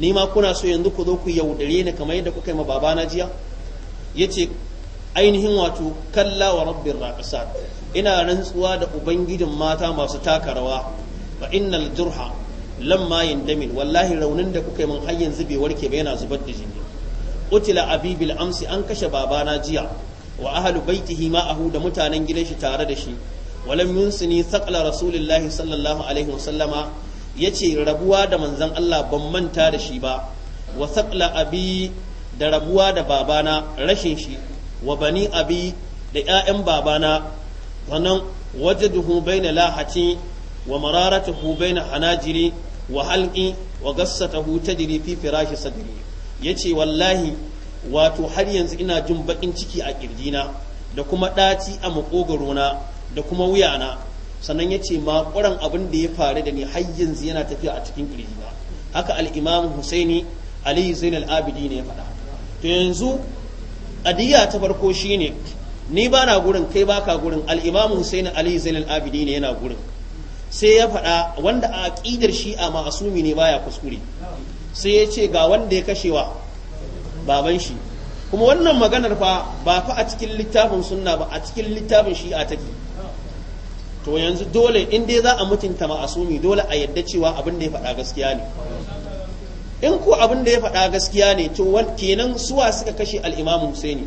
[SPEAKER 1] ni ma kuna so yanzu ku zo ku yaudare ni kamar yadda kuka yi ma babana jiya yace ainihin wato kalla wa rabbir raqsat ina rantsuwa da ubangijin mata masu taka rawa fa innal jurha lamma yandamil wallahi raunin da kuka yi min har yanzu bai warke ba yana zubar da jini utila abibil amsi an kashe babana jiya wa ahlu baitihi ahu da mutanen gidan shi tare da shi walam yunsini thaqla rasulillahi sallallahu alaihi wasallama yace rabuwa da manzon Allah ban manta da shi ba wa thaqla abi da rabuwa da babana rashin shi wa bani abi da 'ya'yan babana sannan wajaduhu baina lahati wa mararatuhu baina hanajiri wa halqi wa gassatahu tajri fi firashi sadri yace wallahi wato har yanzu ina jin bakin ciki a kirjina da kuma ɗaci a na da kuma wuyana sannan yace makuran abin da ya faru da ni har yanzu yana tafiya a cikin kirjina haka al-imam Husaini aliyu Zainal Abidi ne ya faɗa to yanzu adiya ta farko shine ni ba na gurin kai ba ka gurin al'imamu husaini ali zainal abidi ne yana gurin sai ya faɗa wanda a ƙidar shi'a a ma'asumi ne baya kuskure sai ya ce ga wanda ya kashewa baban shi kuma wannan maganar fa ba fa a cikin littafin sunna ba a cikin littafin shi'a take to yanzu dole in dai za a mutunta ma'asumi dole a yadda cewa abin da ya faɗa gaskiya ne in ko abin da ya faɗa gaskiya ne to kenan suwa suka kashe al'imamu Husaini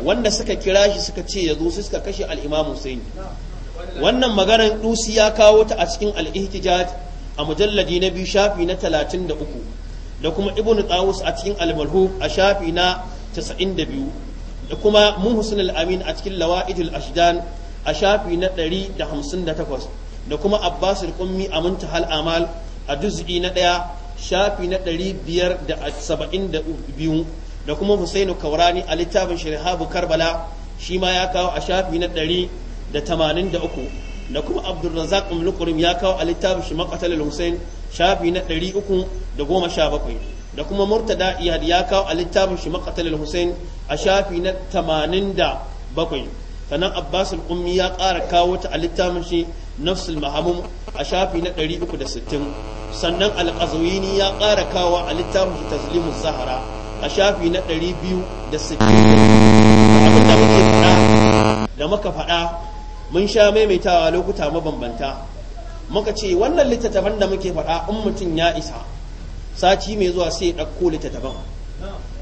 [SPEAKER 1] wanda suka kira shi suka ce ya zo sai suka kashe al-imam Hussein wannan maganar dusi ya kawo ta a cikin al a mujalladi na biyu shafi na 33 da kuma ibn tawus a cikin al a shafi na 92 da kuma muhsin al-amin a cikin lawaidul ashdan a shafi na 158 da kuma abbas al-qummi a muntahal amal a juz'i na 1 shafi na 572 da kuma Husainu Kaurani a littafin Shirhabu Karbala shi ma ya kawo a shafi na ɗari da tamanin da uku da kuma Abdulrazak Umlukurim ya kawo a littafin shi Maqatal Hussein shafi na ɗari uku da goma sha bakwai da kuma Murtada Iyad ya kawo a littafin shi Maqatal Hussein a shafi na tamanin da bakwai sannan Abbas al-Ummi ya ƙara kawo ta a littafin shi Nafsul Mahamum a shafi na ɗari uku da sittin sannan Al-Qazwini ya ƙara kawo a littafin shi Tazlimus Zahara a shafi na 260
[SPEAKER 2] abin da muke faɗa
[SPEAKER 1] da muka faɗa mun sha maimaitawa lokuta mabambanta muka ce wannan littattafan da muke faɗa in mutum ya isa sati mai zuwa sai ya ɗauko littattafan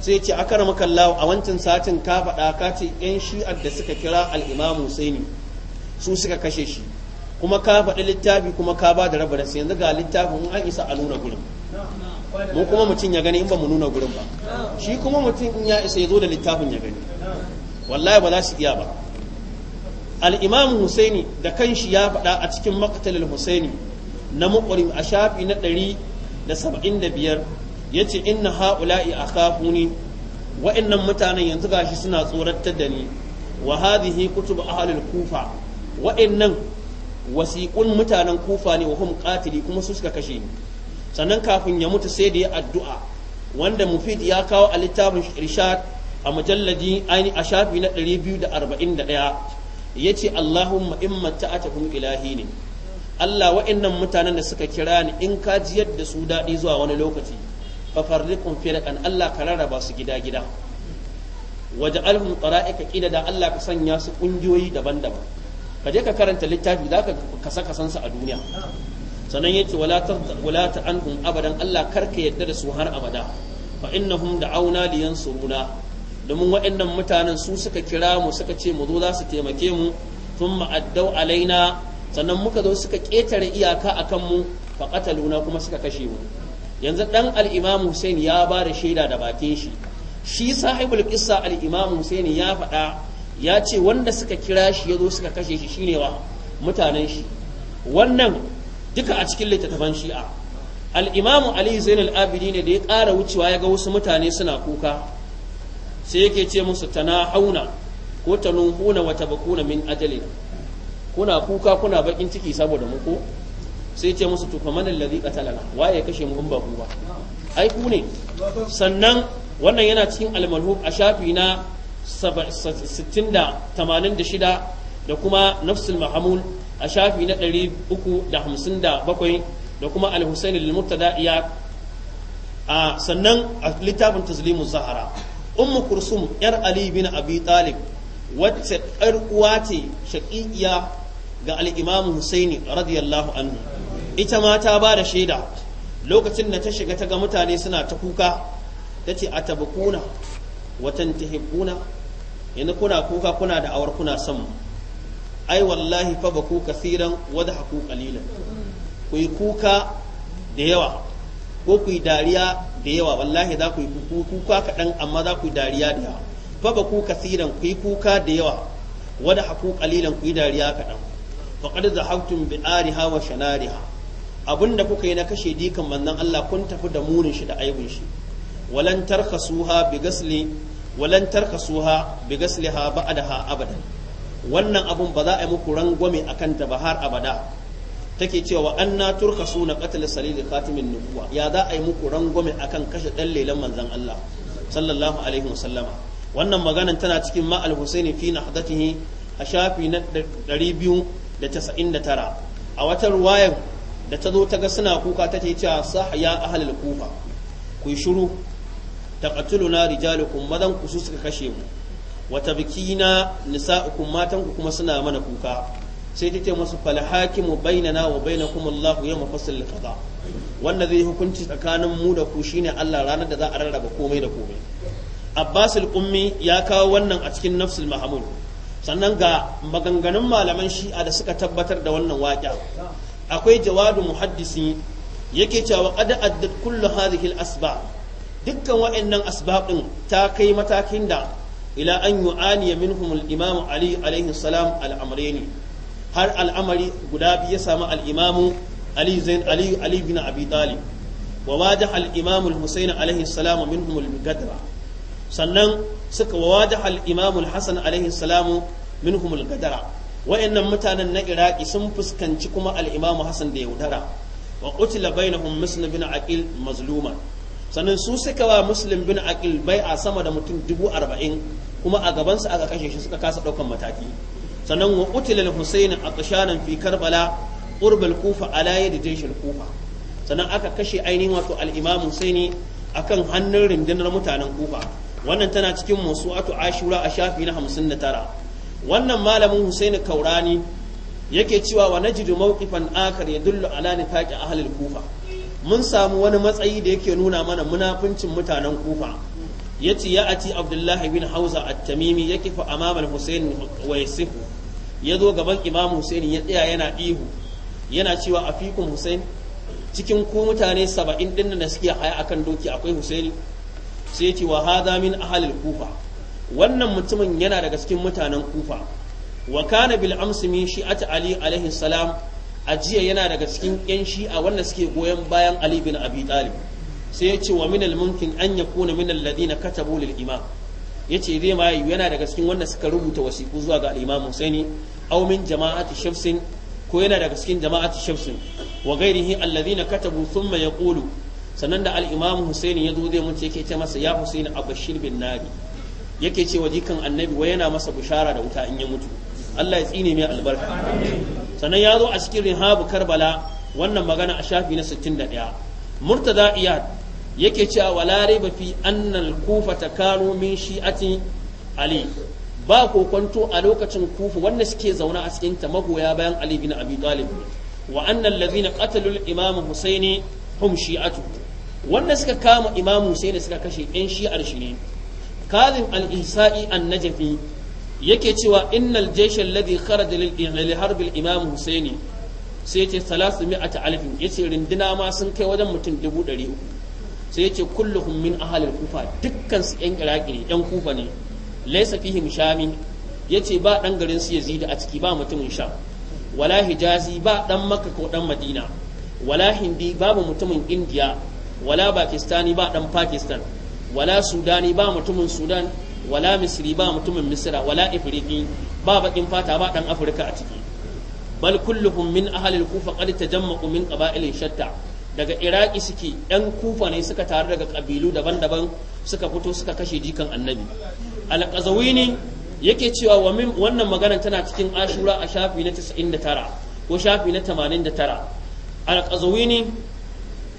[SPEAKER 1] sai ce a kara makallawa a wancan satin ka faɗa ka ce 'yan shi'ar da suka kira sai ne su suka kashe shi kuma ka faɗi littafi kuma ka ba da rabaransa yanzu ga littafin an isa a nuna gurin mu kuma mutum ya gani in ba mu nuna gurin
[SPEAKER 2] ba shi
[SPEAKER 1] kuma mutum in ya isa ya zo da littafin ya gani wallahi ba za su iya ba al-imam husaini da kanshi ya faɗa a cikin maqtalil husaini na muqrim a shafi na ɗari da da 175 yace inna haula'i kafuni wa'annan mutanen yanzu gashi suna tsoratar da ni wa hadhihi kutub ahlul kufa wa'annan wasiqun mutanen kufa ne wa hum qatili kuma su suka kashe ni sannan kafin ya mutu sai da ya addu'a wanda mufid ya kawo a littafin irshad a mujalladi aini a shafi na 241 ya ce allahumma in kun ilahi ne Allah wa'annan mutanen da suka kira ni in ka jiyar da su daɗi zuwa wani lokaci fa fere kan Allah ka rarraba su gida gida waje alhun qara'ika kida da Allah ka sanya su ƙungiyoyi daban-daban ka je ka karanta littafi zaka ka saka su a duniya sannan yace wala ta wala ta anhum abadan Allah karka yadda da su har abada fa innahum da'auna li yansuruna domin waɗannan mutanen su suka kira mu suka ce mu zo za su taimake mu tun ma'addau alaina sannan muka zo suka ƙetare iyaka a kanmu fa qataluna kuma suka kashe mu yanzu dan al-Imam Hussein ya ba da shaida da bakin shi shi sahibul qissa al-Imam Hussein ya faɗa ya ce wanda suka kira shi ya zo suka kashe shi shine wa mutanen shi wannan duka a cikin littattafan shi'a al ali zainal abidi ne da ya ƙara wucewa ya ga wasu mutane suna kuka sai yake ce musu tana hauna ko ta nuhuna wata bakuna min ajalina kuna kuka kuna bakin ciki saboda mu ko sai ce musu tufa manan ladhi qatalana waye ya kashe mu ba ku ba ai ne sannan wannan yana cikin almalhu a shafi na 60 86 da kuma nafsul mahamul a shafi na 357 da kuma al-husayn al-murtada iya a sannan a littafin tazlimu zahara ummu kursum yar ali bin abi talib wacce yar uwa ce shaqiqiya ga al-imam husaini radiyallahu anhu ita ma ta ba da shaida lokacin da ta shiga ta ga mutane suna ta kuka ta ce a tabakuna watan yanzu kuna kuka kuna da awar kuna son mu ai wallahi fa baku kasiran wada haku kalilan ku yi kuka da yawa ko ku yi dariya da yawa wallahi za ku yi kuka kaɗan amma za ku yi dariya da yawa fa baku kasiran ku yi kuka da yawa wada haku kalilan ku yi dariya kaɗan da zahabtum bi ariha wa shanariha abinda kuka yi na kashe dikan manzon Allah kun tafi da munin shi da aibun shi walan tarkasuha bi gasli walan tarkasuha bi gasliha ba'daha abadan wannan abun ba za a yi muku rangwame a kanta ba har abada take cewa an na turka suna katil salili khatimin nubuwa ya za a yi muku rangwame akan kashe dan lelan manzon Allah sallallahu alaihi sallama. wannan maganan tana cikin ma al-husaini fi nahdatihi a shafi na 299 a wata ruwayar da ta zo ta ga suna kuka take cewa ya ahlul kufa ku shiru taqatuluna rijalukum madan ku su suka kashe mu wata na nisa'ukum matan ku kuma suna mana kuka sai ta ce musu fal hakimu bainana wa bainakum Allah yawma fasl qada wanda zai hukunci tsakanin mu da ku shine Allah ranar da za a rarraba komai da komai Abbas al-Ummi ya kawo wannan a cikin Nafsul Mahmud sannan ga maganganun malaman Shi'a da suka tabbatar da wannan waƙa akwai jawadu muhaddisi yake cewa qad addat kullu hadhihi al-asbab dukkan wa'annan asbab din ta kai matakin da ila an yu'aniya minhum al-imam ali alaihi salam al har al'amari guda biyu ya sami al ali zain ali ali abi talib wa wajaha al sannan suka wawaja al-imam al-hasan alaihi salam mutanen na iraki sun fuskanci kuma al'imamu imam hasan da yaudara wa qutila bainahum na bin aqil mazluman sannan su suka wa muslim bin aqil a sama da mutum dubu arba'in kuma a gabansa aka kashe shi suka kasa ɗaukan mataki sannan wa qutila al-husayn atshanan fi karbala qurb kufa ala yadi jaysh kufa sannan aka kashe ainihin wato al-imam husaini akan hannun rundunar mutanen kufa wannan tana cikin musu'atu ashura a shafi na 59 wannan malamin husaini kaurani yake cewa wa najidu mawqifan akhar yadullu ala nifaqi ahli al-kufa mun samu wani matsayi da yake nuna mana munafincin mutanen kufa ya ce ya ati abdullahi bin hausa a tamimi ya kifa a al wa yasifu zo gaban imam husayn ya tsaya yana ihu yana cewa a fikun husain. cikin ku mutane saba'in din da suke haya akan doki akwai husayn sai ce wa min a halin kufa wannan mutumin yana daga cikin mutanen kufa wa kana bil amsi min shi'ati ali alaihi salam ajiya yana daga cikin yan shi'a wanda suke goyon bayan ali bin abi talib sai ya ce wa min al-mumkin an min alladhina katabu lil imam yace zai ma yana daga cikin wanda suka rubuta wasiku zuwa ga imam Husaini aw min jama'ati ko yana daga cikin jama'ati shamsin wa ghairihi alladhina katabu thumma yaqulu sannan da al-imam Husaini yazo zai mutu yake ce masa ya Husaini abashir bin nari yake ce wa jikan annabi wa yana masa bishara da wuta in ya mutu Allah ya tsine mai albarka sannan ya zo a cikin rihabu karbala wannan magana a shafi na 61 murtaza iyad yake cewa walare ba fi annal kufa takanu min shi'ati ali ba kokwanto a lokacin kufa wanda suke zauna a cikin ta magoya bayan ali bin abi talib wa annal ladhina qatalu imam husaini hum shi'atu wanda suka kama imam husaini suka kashe yan shi'ar shi ne kazim al isa'i an-najfi yake cewa innal jaysha alladhi kharaja lil harbil imam husaini sai yace 300 alfin yace rinduna ma sun kai wajen mutum 300 sai yace kulluhum min ahli kufa dukkan su yan iraki ne yan kufa ne laysa fihim shami yace ba dan garin su yazidi a ciki ba mutumin sham wala hijazi ba dan makka ko dan madina wala hindi babu mutumin indiya wala pakistani ba dan pakistan wala sudani ba mutumin sudan wala misri ba mutumin misra wala ifriqi ba bakin fata ba dan afirka a ciki bal kulluhum min ahli al-kufa qad tajamma'u min qaba'ilin shatta daga iraki suke yan kufa ne suka taru daga kabilu daban-daban suka fito suka kashe jikan annabi al-qazawini yake cewa wa min wannan magana tana cikin ashura a shafi na 99 ko shafi na 89 al-qazawini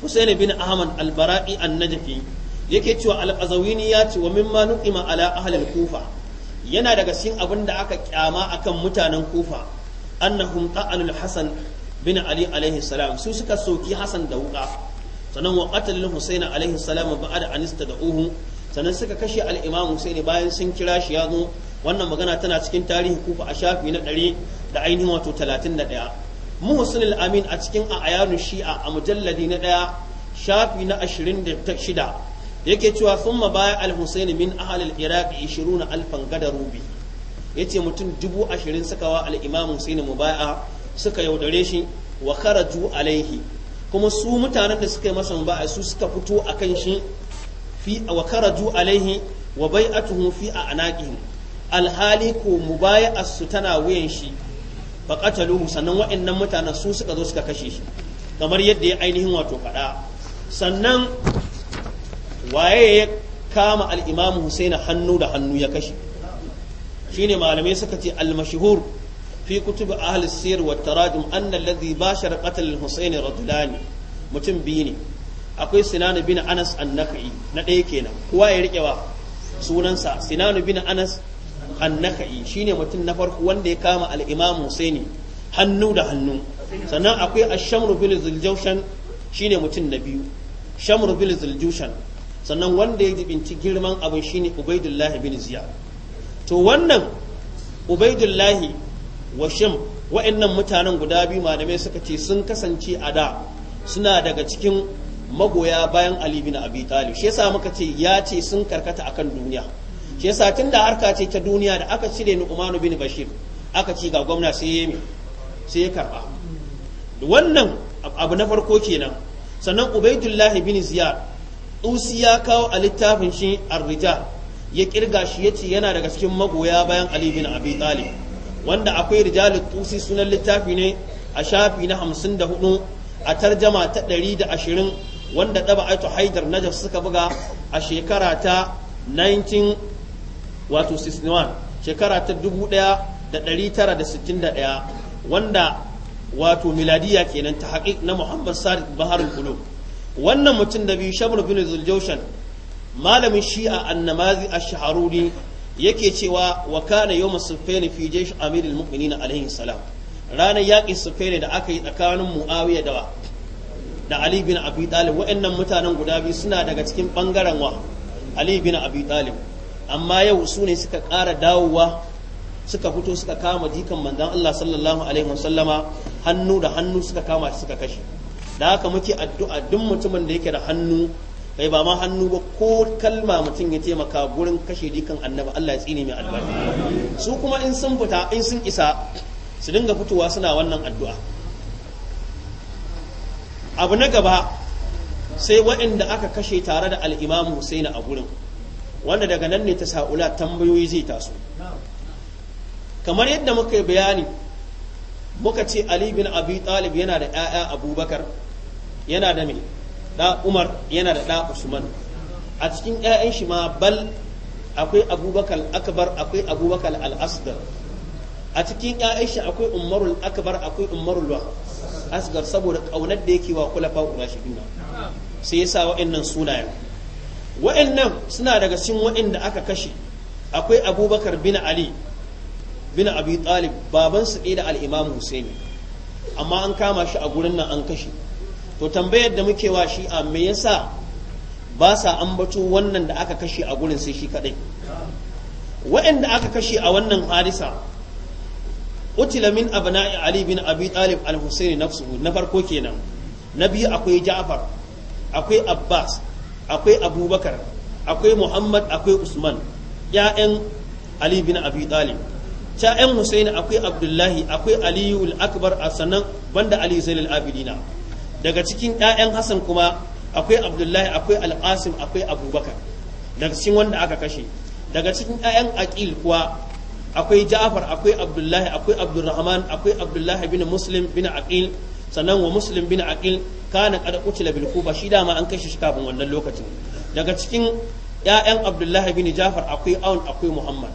[SPEAKER 1] Husaini bin Ahmad al-Bara'i an-Najfi yake cewa alqazawini ya ce wa mimma nuqima ala ahli al-kufa yana daga cikin abin da aka kyama akan mutanen kufa annahum ta'alul hasan bin ali alaihi salam su suka soki hasan da wuka sannan wa qatalul husayn alaihi salam ba'da an istada'uhu sannan suka kashe al-imam husayn bayan sun kira shi ya zo wannan magana tana cikin tarihi kufa a shafi na ɗari da ainihin wato 31 muhsin al-amin a cikin a ayanu shi'a a mujalladi na ɗaya shafi na 26 yake cewa ma baya al husaini min ahli al-iraq 20 alfan gadaru rubi yace mutum dubu ashirin suka wa al-imam husayn mubaya'a suka yaudare shi wa kharaju alaihi kuma su mutanen da suka yi masa mubaya'a su suka fito akan shi fi wa kharaju alaihi wa bai'atuhu fi anaqihim alhali ko mubaya'a su tana wuyan shi fa qataluhu sannan wa'annan mutanen su suka zo suka kashe shi kamar yadda ya ainihin wato faɗa sannan waye ya kama al-imam hannu da hannu ya kashe shi ne malamai suka ce almashihur mashhur fi kutub ahli sir wa tarajum anna alladhi bashara qatl al-Husaini radulani mutum biyu ne akwai sinanu bin Anas an-Nakhai na ɗaya kenan kowa ya rike wa sunansa sinanu bin Anas an shi ne mutum na farko wanda ya kama al-imam hannu da hannu sannan akwai ash-Shamr bin shi ne mutum na biyu Shamru bin Zuljawshan sannan wanda ya jibinci girman abin shine ubaidullahi bin Ziyar. to wannan ubaidullahi wa shim wa'annan mutanen guda biyu malamai suka ce sun kasance a da suna daga cikin magoya bayan ali bin abi talib shi yasa muka ce ya ce sun karkata akan duniya shi yasa tunda harka ce ta duniya da aka cire ni umanu bin bashir aka ci ga gwamna sai ya sai ya karba wannan abu na farko kenan sannan ubaidullahi bin Ziyar. tsusi ya kawo a littafin shi arrija ya kirga shi ya ce yana daga cikin magoya bayan ali bin abi talib wanda akwai rijalin tusi sunan littafi ne a shafi na 54 a tarjama ta 120 wanda daba aito haidar najaf suka buga a shekara ta 1961 shekara ta 1961 wanda wato miladiya kenan ta haƙiƙ na muhammad sadiq baharul qulub wannan mutum da biyu shamr bin zuljoshan malamin shi'a annamazi a shaharuri yake cewa wa kana yawm sufayn fi jaysh amirin mukmini na alayhi salam ranar yaƙin sufeni da aka yi tsakanin muawiya da da ali bin abi talib wa'annan mutanen guda biyu suna daga cikin ɓangaren wa ali bin abi talib amma yau su ne suka ƙara dawowa suka fito suka kama jikan manzon Allah sallallahu alaihi wasallama hannu da hannu suka kama shi suka kashe da haka muke addu'a duk mutumin da yake da hannu kai ba ma hannu ba ko kalma mutum ya taimaka gurin kashe dikan annaba Allah ya tsini mai albarka su kuma in sun fita in sun isa su dinga fitowa suna wannan addu'a abu na gaba sai waɗanda aka kashe tare da al'imam husaina a gurin wanda daga nan ne ta sa'ula tambayoyi zai taso kamar yadda muka yi bayani muka ce Ali bin Abi Talib yana da ‘ya'ya Abubakar yana da mai da Umar yana da da Usman a cikin ƴaƴan shi ma bal akwai Abubakar Akbar akwai Abubakar al'asgar a cikin ƴaƴan shi akwai Umarul Akbar akwai Umarul asgar saboda kaunar da yake wa shi Urashidin sai sa wa'annan sunayen wa'annan suna daga cikin wa'anda aka kashe akwai Abubakar bin Ali bin Abi Talib baban su da al-Imam Husaini amma an kama shi a gurin nan an kashe to tambayar da muke wa shi'a me yasa ba sa ambato wannan da aka kashe a gurin sai shi kadai wa'anda aka kashe a wannan harisa utila min abna'i ali bin abi talib al-husaini nafsuhu na farko kenan na biyu akwai ja'far akwai abbas akwai abubakar akwai muhammad akwai usman ya'yan ali bin abi talib ta'yan husaini akwai abdullahi akwai aliyu al-akbar a sannan banda ali zainal abidina daga cikin 'ya'yan Hassan kuma akwai Abdullahi akwai al akwai Abubakar daga cikin wanda aka kashe daga cikin 'ya'yan Aqil kuwa akwai Ja'far akwai Abdullahi akwai Abdurrahman akwai Abdullahi bin Muslim bin Aqil sannan wa Muslim bin Aqil kana qad qutila bil Kufa shi dama an kashe shi kafin wannan lokacin daga cikin 'ya'yan Abdullahi bin Ja'far akwai Aun akwai Muhammad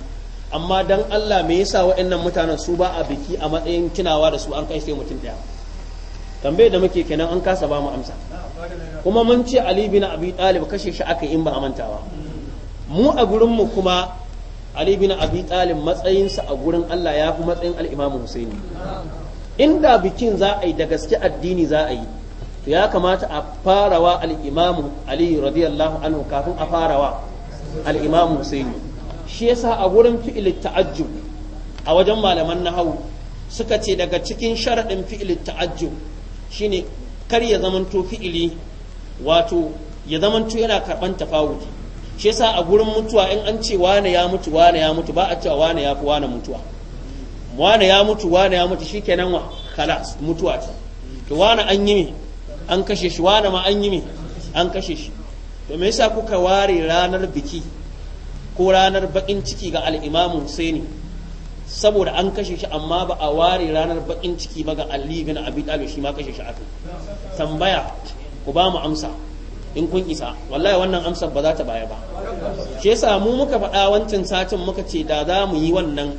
[SPEAKER 1] amma dan Allah me yasa waɗannan mutanen su ba a biki a matsayin tunawa da su an kai sai mutum daya tambayar da muke kenan an kasa ba mu amsa kuma mun ce ali bin abi talib kashe shi aka in ba a manta ba mu a gurin mu kuma ali bin abi talib sa a gurin Allah ya fi matsayin al-imam husaini inda bikin za a yi da gaske addini za a yi to ya kamata a farawa al-imam ali radiyallahu anhu kafin a farawa al-imam husaini shi yasa a gurin fi'il ta'ajjub a wajen malaman nahawu suka ce daga cikin sharaɗin fi'il ta'ajjub shine kar ya zamanto fi'ili wato ya zamanto yana karban tafawuti shi yasa a gurin mutuwa in an ce wane ya mutu wane ya mutu ba a cewa wane ya fi wane mutuwa wane ya mutu wane ya mutu shikenan wa kalas mutuwa ce to wane an yi an kashe shi wane ma an yi an kashe shi to me yasa kuka ware ranar biki ko ranar bakin ciki ga al-Imam Husaini saboda an kashe shi amma ba a ware ranar bakin ciki ba ga Ali bin Abi Talib shi ma kashe shi aka tambaya ku ba mu amsa in kun isa wallahi wannan amsar ba za ta baya ba shi yasa mu muka faɗa wancan satin muka ce da za mu yi wannan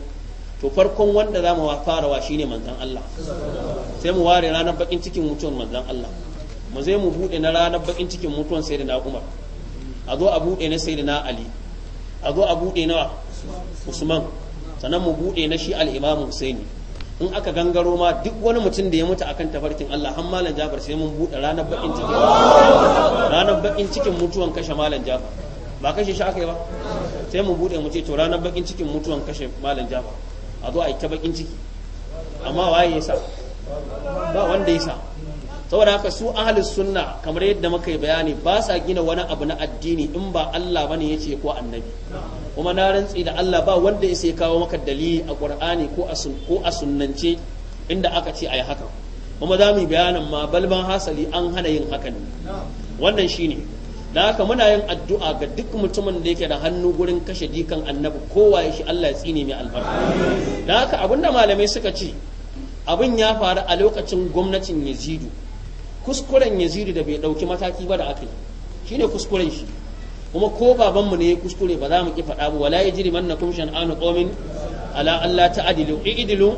[SPEAKER 1] to farkon wanda za mu fara wa shine manzon Allah sai mu ware ranar bakin cikin mutuwar manzon Allah mu zai mu bude na ranar bakin cikin mutuwar sayyidina Umar a zo a bude na sayyidina Ali a zo a bude na Usman sannan mu buɗe na shi al'imamu husaini in aka gangaro ma duk wani mutum da ya mutu akan tafarkin Allah har malam Jafar sai mun buɗe ranar bakin cikin ranar bakin cikin mutuwan kashe malam Jafar ba kashe shi aka yi ba sai mu buɗe mu ce to ranar bakin cikin mutuwan kashe malam Jafar a zo a yi ta bakin ciki amma waye ya sa ba wanda ya sa saboda haka su ahlus sunna kamar yadda muka yi bayani ba sa gina wani abu na addini in ba Allah bane yace ko annabi kuma na rantsi da Allah ba wanda ya kawo maka dalili a Qur'ani ko a ko a sunnance inda aka ce ayi haka kuma za mu bayanin ma balban hasali an hana yin hakan wannan shine da haka muna yin addu'a ga duk mutumin da yake da hannu gurin kashe dikan annabi kowa ya shi Allah ya tsine mai albarka da haka abinda malamai suka ce abin ya faru a lokacin gwamnatin Yazidu kuskuren Yazidu da bai dauki mataki ba da aka yi shine kuskuren shi kuma ko babanmu ne ya kuskure ba za mu ki faɗa ba wala yajri mannakum shan'anu qaumin ala alla ta'dilu i'dilu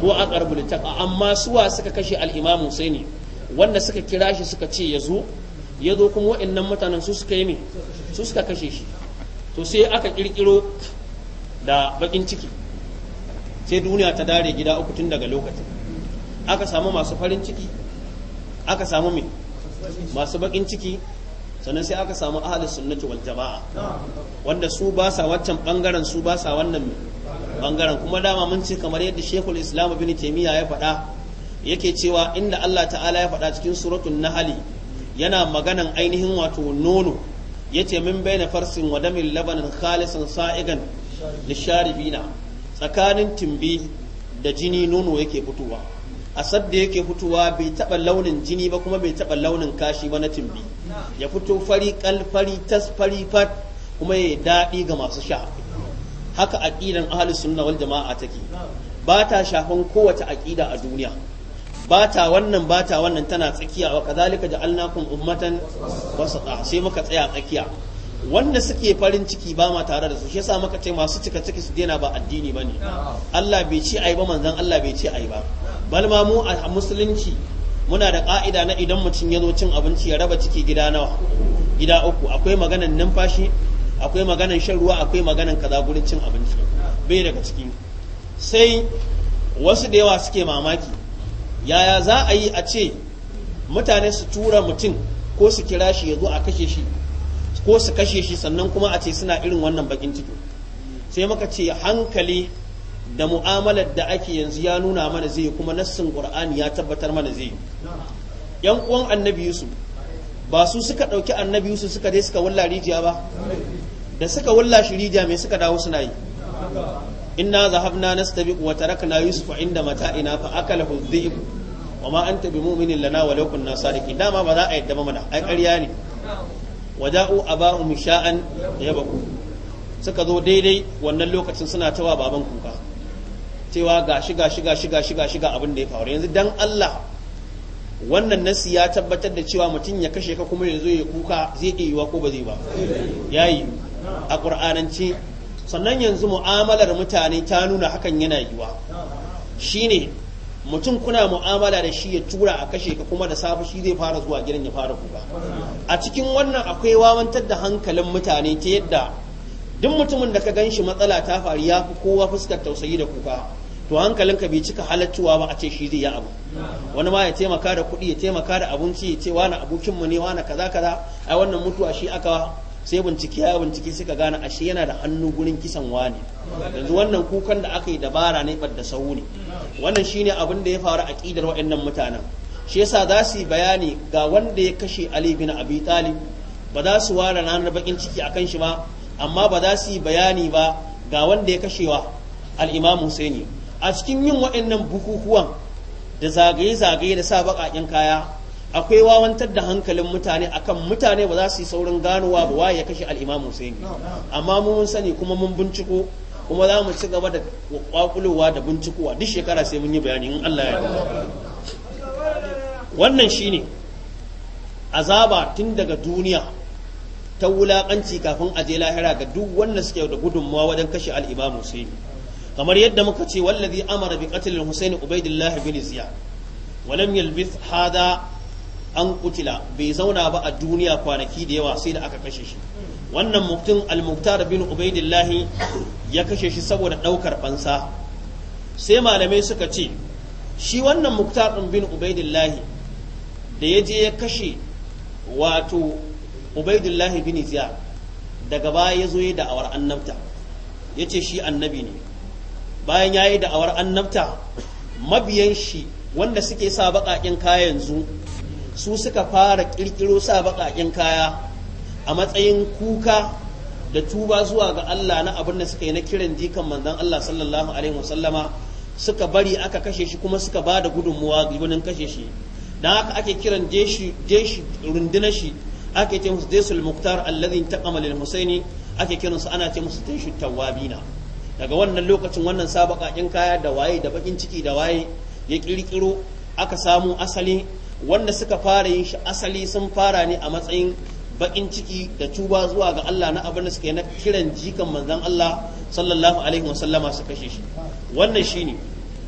[SPEAKER 1] huwa aqrabu littaqwa amma suwa suka kashe al-imam Husaini wanda suka kira shi suka ce ya zo kuma waɗannan mutanen su suka yi me su suka kashe shi to sai aka kirkiro da bakin ciki sai duniya ta dare gida uku tun daga lokacin aka samu masu farin ciki aka samu me masu bakin ciki sannan sai aka samu ahli sunnati wal jama'a ah. wanda su ba sa waccan bangaren su ba sa wannan bangaren kuma dama mun ce kamar yadda shekul islam bin taimiyya ya faɗa yake cewa inda Allah ta'ala ya faɗa cikin na hali yana maganan ainihin wato nono ya ce min baina farsin wadamin labanin khalisan sa'igan sharibina tsakanin timbi da jini nono yake fitowa asad da yake fitowa bai taba launin jini ba kuma bai taba launin kashi ba na timbi ya fito fari kalfari fari fat kuma ya daɗi ga masu sha haka aqidan ahlus sunna wal jama'a take ba ta shafan kowace aqida a duniya ba ta wannan ba ta wannan tana tsakiya wa kazalika ja'alnakum ummatan wasata sai muka tsaya tsakiya wanda suke farin ciki ba ma tare da su shi yasa muka ce masu cika ciki su daina ba addini bane Allah bai ce ai ba manzon Allah bai ce ai ba balma mu a musulunci muna da ka'ida na idan mutum ya zo cin abinci ya raba ciki gida nawa gida uku akwai maganan numfashi akwai maganan shan ruwa akwai maganan kaza gurin cin abinci bai daga ciki sai wasu da yawa suke mamaki yaya za a yi a ce mutane su tura mutum ko su kira shi ya zo a kashe shi ko su kashe shi sannan kuma a ce suna irin wannan bakin ciki sai muka ce hankali da mu'amalar da ake yanzu ya nuna mana zai kuma nassin qur'ani ya tabbatar mana zai yan uwan annabi yusuf ba su suka ɗauki annabi yusuf suka dai suka walla rijiya ba da suka wulla shi rijiya mai suka dawo suna yi inna zahabna nastabiq wa tarakna yusuf inda mata'ina fa akalahu dhi'b wa ma anta bimu'minin lana wa law kunna sadiqin dama ba za a yadda ba mana ai ƙarya ne wada'u aba'u misha'an yabaku suka zo daidai wannan lokacin suna tawa baban kuka cewa ga shiga shiga shiga shiga shiga abin da ya faru yanzu dan Allah wannan nasi ya tabbatar da cewa mutum ya kashe ka kuma yanzu ya kuka zai iya yiwa ko ba zai ba yayi a qur'anance sannan yanzu mu'amalar mutane ta nuna hakan yana yiwa shine mutum kuna mu'amala da shi ya tura a kashe ka kuma da safe shi zai fara zuwa gidan ya fara kuka a cikin wannan akwai wawantar da hankalin mutane ta yadda duk mutumin da ka gan shi matsala ta faru ya fi kowa fuskar tausayi da kuka to hankalinka bai cika halaccuwa ba a ce shi zai yi abu wani ma ya taimaka da kuɗi ya taimaka da abinci ya ce wani abokin mu ne wani kaza kaza ai wannan mutuwa shi aka sai bincike ya bincike suka gane ashe yana da hannu gurin kisan wani yanzu wannan kukan da aka yi dabara ne da sahu ne wannan shine abin da ya faru a kidar waɗannan mutanen shi yasa za su yi bayani ga wanda ya kashe Ali bin Abi Talib ba za su ware ranar bakin ciki akan shi ba amma ba za su yi bayani ba ga wanda ya kashewa al-Imam Husaini a cikin yin waɗannan bukukuwan da zagaye-zagaye da sa baƙaƙen kaya akwai wawantar da hankalin mutane akan mutane ba za su yi saurin ganowa ba waye ya kashe al'imamu ne amma mun sani kuma mun binciko kuma za mu ci gaba da kwakulowa da bincikowa duk shekara sai mun yi bayani in Allah ya wannan shine azaba tun daga duniya ta wulaƙanci kafin a je lahira ga duk wanda suke da gudunmawa wajen kashe al'imamu Hussein kamar yadda muka ce wallazi amara bi qatl al-husayn bin ziyad walam yalbith hada an kutila bai zauna ba a duniya kwanaki da yawa sai da aka kashe shi wannan mutum al bin ubaidillah ya kashe shi saboda daukar fansa sai malamai suka ce shi wannan muktar bin ubaidillah da ya je ya kashe wato ubaidillah bin ziyad daga baya ya zo ya da'awar annabta yace shi annabi ne bayan ya yi da'awar annabta mabiyan shi wanda suke sa baƙaƙen kaya yanzu su suka fara ƙirƙiro sa baƙaƙen kaya a matsayin kuka da tuba zuwa ga Allah na abin da suka yi na kiran jikan manzon Allah sallallahu alaihi wasallama suka bari aka kashe shi kuma suka ba da gudunmuwa gudunin kashe shi dan haka ake kiran jeshi jeshi rundunar shi ake ce musu desul muktar alladhi taqama lil husaini ake kiransu ana ce musu jeshi tawabina daga wannan lokacin wannan sabakakin kaya da waye da bakin ciki da waye ya kirkiro aka samu asali wanda suka fara yin shi asali sun fara ne a matsayin bakin ciki da tuba zuwa ga Allah na abin da suka yi na kiran jikan manzon Allah sallallahu alaihi wa sallama su kashe shi wannan shine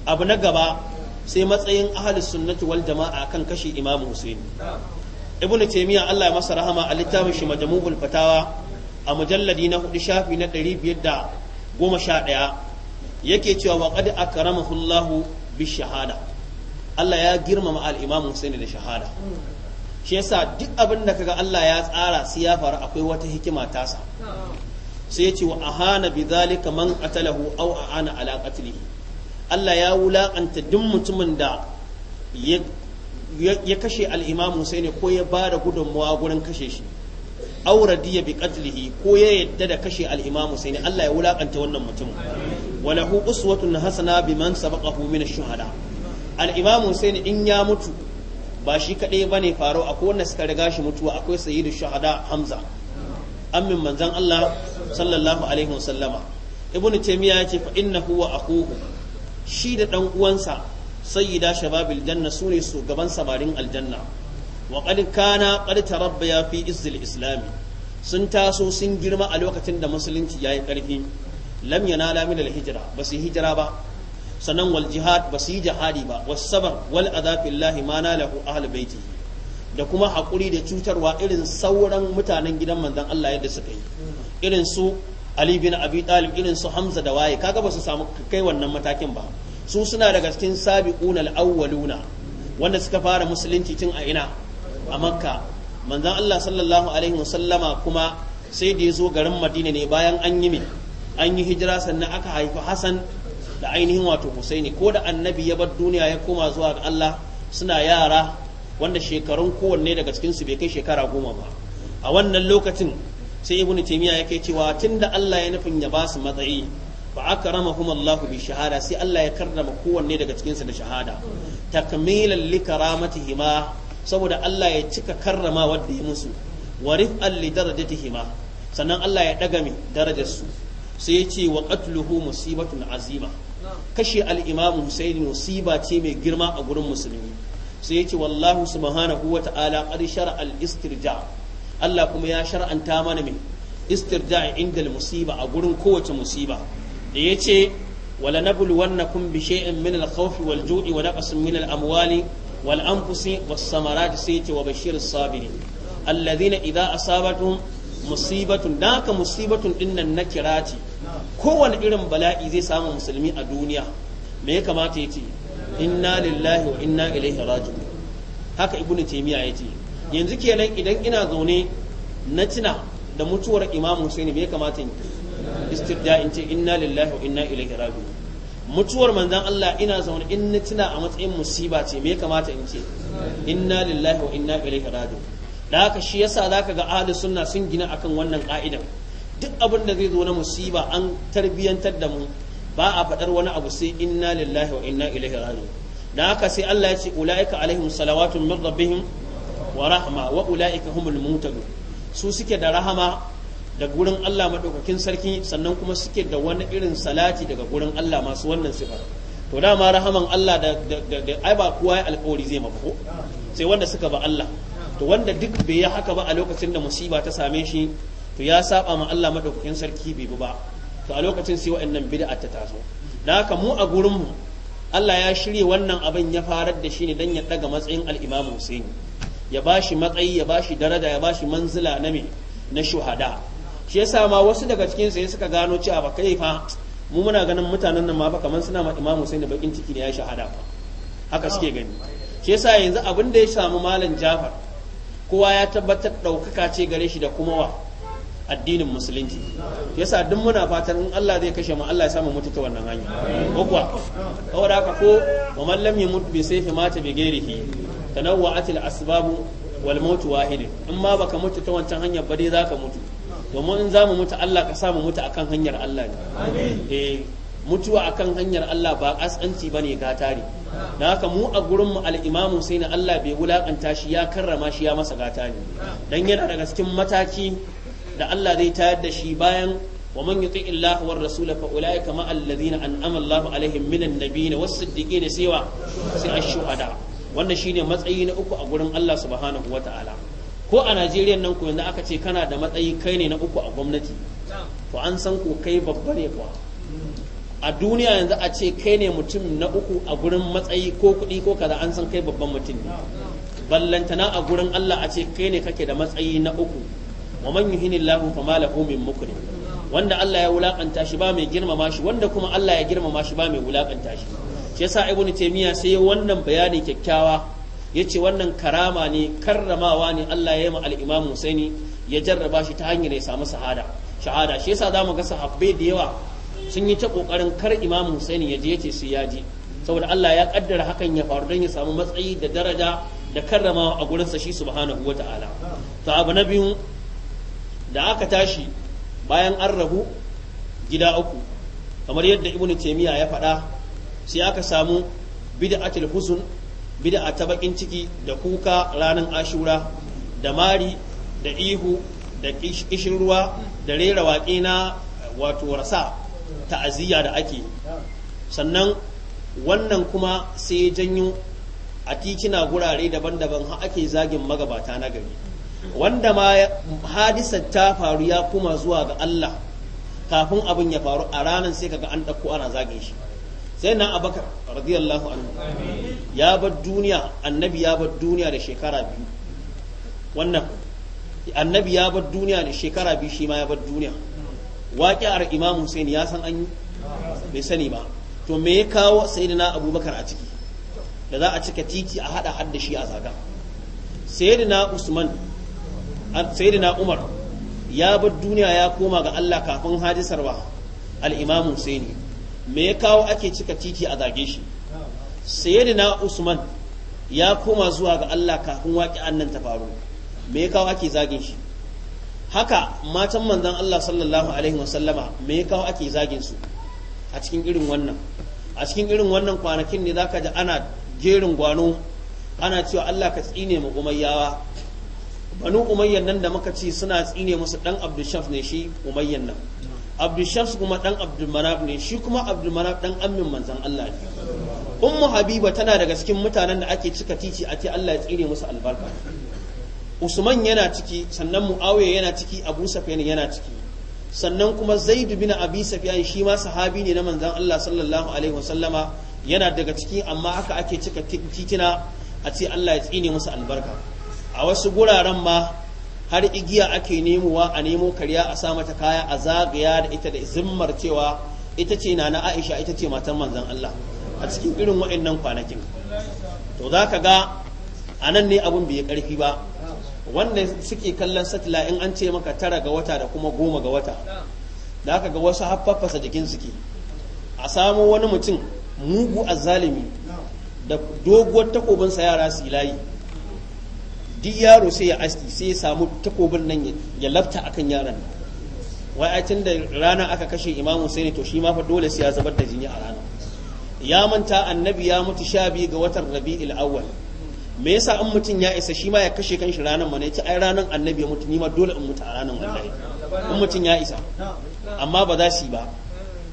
[SPEAKER 1] abu na gaba sai matsayin ahli sunnati wal jama'a kan kashe imam husaini ibn taymiya Allah ya masa rahama a littafin shi majmu'ul fatawa a mujalladi na hudu shafi na 500 goma sha ɗaya yake cewa wa aka rama Allah bi shahada Allah ya girmama al sai da shahada shi yasa duk abin da kaga Allah ya tsara su ya faru akwai wata hikima tasa sai yace wa ahana bidhalika man qatalahu aw aana ala qatlihi Allah ya wulakanta duk mutumin da ya kashe al sai ne ko ya bada gudunmawa gurin kashe shi auradiya bi qatlihi ko ya yadda da kashe al-imam Husaini Allah ya wulakanta wannan mutum wa lahu uswatun hasana biman sabaqahu min ash-shuhada al-imam Husaini in ya mutu ba shi kadai bane faro akwai wanda suka riga shi mutuwa akwai sayyidu shuhada Hamza ammin manzon Allah sallallahu alaihi wasallama ibnu taymiya yace fa innahu wa akuhu shi da dan uwansa sayyida shababil janna sune su gaban samarin aljanna wa na kana qad tarabbaya fi izzil islami sun taso sun girma a lokacin da musulunci yayi karfi lam yanala min al hijra ba su hijira ba sannan wal jihad ba su yi jihadi ba was sabar wal azab illahi ma nalahu ahlul baitihi da kuma haƙuri da cutarwa irin sauran mutanen gidan manzon Allah yadda suka
[SPEAKER 2] yi
[SPEAKER 1] irin su Ali bin Abi Talib irin su Hamza da waye kaga ba su samu kai wannan matakin ba su suna daga cikin sabiquna al-awwaluna wanda suka fara musulunci tun a ina a makka manzan allah sallallahu alaihi wasallama kuma sai da ya zo garin madina ne bayan an yi an yi hijira sannan aka haifi hasan da ainihin wato husaini ko da annabi ya bar duniya ya koma zuwa ga allah suna yara wanda shekarun kowanne daga cikinsu bai kai shekara goma ba a wannan lokacin sai ibnu taymiya yake cewa tunda allah ya nufin ya ba su matsayi fa akramahum Allah bi shahada sai Allah ya karrama kowanne daga cikin su da shahada takmilan li hima. saboda Allah ya cika karrama wadda ya musu wa rif'an li darajatihima sannan Allah ya daga mi darajar su sai yace wa qatluhu musibatun azima kashe al imam Husaini musiba ce mai girma a gurin musulmi sai yace wallahu subhanahu wa ta'ala qad shar'a al-istirja Allah kuma ya shar'anta mana mai istirja inda musiba a gurin kowace musiba da yace wala nabluwannakum bi shay'in min al-khawfi wal-ju'i wa naqsin min al-amwali wal anfusi was samarati sai ce wa bashir sabiri alladhina idza asabatuhum musibatun da haka musibatun dinnan na kirati kowane irin bala'i zai samu musulmi a duniya me ya kamata ya ce inna lillahi wa haka yanzu kenan idan ina zaune na tuna da mutuwar imam husaini me ya kamata in istirja in ce inna lillahi wa inna ilaihi raji'un mutuwar manzan Allah ina zaune in na tuna a matsayin musiba ce me ya kamata in ce inna lillahi wa inna ilaihi raji'un da haka shi yasa zaka ga ahli sunna sun gina akan wannan ka'idan duk abin da zai zo na musiba an tarbiyantar da mu ba a faɗar wani abu sai inna lillahi wa inna ilaihi raji'un da haka sai Allah ya ce ulaika alaihim salawatun min rabbihim wa rahma wa ulaika humul muhtadun su suke da rahama daga wurin Allah madaukakin sarki sannan kuma suke da wani irin salati daga wurin Allah masu wannan sifar to dama rahaman Allah da ai ba kowa ya alƙawari zai mako sai wanda suka ba Allah to wanda duk bai yi haka ba a lokacin da musiba ta same shi to ya saba ma Allah madaukakin sarki bai bi ba to a lokacin sai wa'annan bid'a ta taso dan haka mu a gurin mu Allah ya shirye wannan abin ya farar da shi ne dan ya daga matsayin al-Imam Hussein ya bashi matsayi ya bashi daraja ya bashi manzila na me na shuhada shi yasa ma wasu daga cikin sai suka gano cewa ba kai fa mu muna ganin mutanen nan ma ba kamar suna ma Imam Hussein bakin ciki ne ya shahada fa haka suke gani shi yasa yanzu abin da ya samu malam Jafar kowa ya tabbatar daukaka ce gare shi da kuma wa addinin musulunci yasa duk muna fatan in Allah zai kashe mu Allah ya samu mutu ta wannan hanya ko
[SPEAKER 2] kuwa haka ko
[SPEAKER 1] wa man lam yamut bi sayfi mata bi ghairihi tanawwa'at al asbab wal maut wahid in ma baka mutu ta wancan hanyar ba dai zaka mutu domin in za mu mutu Allah ka samu mutu akan hanyar Allah ne eh, mutuwa akan hanyar Allah ba kasanci bane gata ne na haka mu a gurin mu al sai na Allah bai wulakanta shi ya karrama shi ya masa gata ne dan yana daga cikin mataki da Allah zai tayar da shi bayan wa ومن يطيع الله والرسول فاولئك مع الذين انعم الله عليهم من النبيين sai سوى shuhada wannan shine matsayi na uku a gurin Allah subhanahu wataala ko a najeriya nan ku yanzu aka ce kana da matsayi kai ne na uku a gwamnati to an san ko kai babba ne kuwa a duniya yanzu a ce kai ne mutum na uku a gurin matsayi ko kuɗi ko kaza an san kai babban mutum ne ballantana a gurin Allah a ce kai ne kake da matsayi na uku wa man yuhinillahu fama lahu min mukrim wanda Allah ya wulakanta shi ba mai girmama shi wanda kuma Allah ya girmama shi ba mai wulakanta shi shi yasa ibnu taymiya sai wannan bayani kyakkyawa yace wannan karama ne karramawa ne Allah ya yi ma al-Imam ya jarraba shi ta hanyar ya samu sahada shahada shi yasa zamu ga sahabbai da yawa sun yi ta kokarin kar Imam Husaini ya je yace su ya je saboda Allah ya kaddara hakan ya faru don ya samu matsayi da daraja da karramawa a gurin sa shi subhanahu wata'ala to abu na biyu da aka tashi bayan an rabu gida uku kamar yadda Ibn Taymiyyah ya faɗa sai aka samu bid'atul husn bid'a ta bakin ciki da kuka ranar ashura da mari da ihu da kishin ruwa da rera waƙe na wato rasa ta'aziyya da ake sannan wannan kuma sai ya janyo a titina gurare daban-daban ha ake zagin magabata na gari wanda ma hadisar ta faru ya kuma zuwa ga Allah kafin abin ya faru a ranar sai kaga an ɗauko ana zagin shi sai na abakar radiyallahu anhu ya bar duniya annabi ya bar duniya da shekara biyu wannan annabi ya bar duniya da shekara biyu shi ma ya bar duniya waƙi'ar imam Hussein ya san an yi bai sani ba to me ya kawo sayyidina abubakar a ciki da za a cika titi a hada hadda shi a zaga sayyidina usman sayyidina umar ya bar duniya ya koma ga Allah kafin hadisar ba al-imam Hussein me ya kawo ake cika titi a zage shi sayyidina usman ya koma zuwa ga Allah kafin waƙi annan ta faru me ya kawo ake zagin shi haka matan manzon Allah sallallahu alaihi wasallama me ya kawo ake zagin su a cikin irin wannan a cikin irin wannan kwanakin ne zaka ji ana jerin gwano ana cewa Allah ka tsine mu umayyawa banu umayyan nan da muka ce suna tsine musu dan abdushaf ne shi umayyan nan abdushaf kuma dan abdulmanaf ne shi kuma abdulmanaf dan ammin manzon Allah ne ummu habiba tana daga cikin mutanen da ake cika titi a ce Allah ya tsire musu albarka usman yana ciki sannan muawiya yana ciki abu sufyan yana ciki sannan kuma zaid bin abi sufyan shi ma sahabi ne na manzon Allah sallallahu alaihi wasallama yana daga ciki amma haka ake cika titina a ce Allah ya tsine musu albarka a wasu guraren ma har igiya ake nemowa a nemo karya a sa mata kaya a zagaya da ita da zimmar cewa ita ce na na Aisha ita ce matan manzon Allah a cikin irin waɗannan kwanakin to za ka ga a nan ne abin bai karfi ba wanda suke kallon satila in an ce maka tara ga wata da kuma goma ga wata za ka ga wasu haffafasa jikin suke a samo wani mutum mugu azzalimi da doguwar takobinsa yara su layi duk yaro sai ya aski sai ya samu takobin nan ya lafta akan yaran wai a da rana aka kashe imamu sai ne to shi ma fa dole sai ya zubar da jini a rana ya manta annabi ya mutu sha biyu ga watan rabi'il awwal me yasa in mutum ya isa shi ma ya kashe kanshi ranar mana yace ai ranar annabi ya mutu ni dole in mutu a ranar wallahi in mutum ya isa amma ba za su ba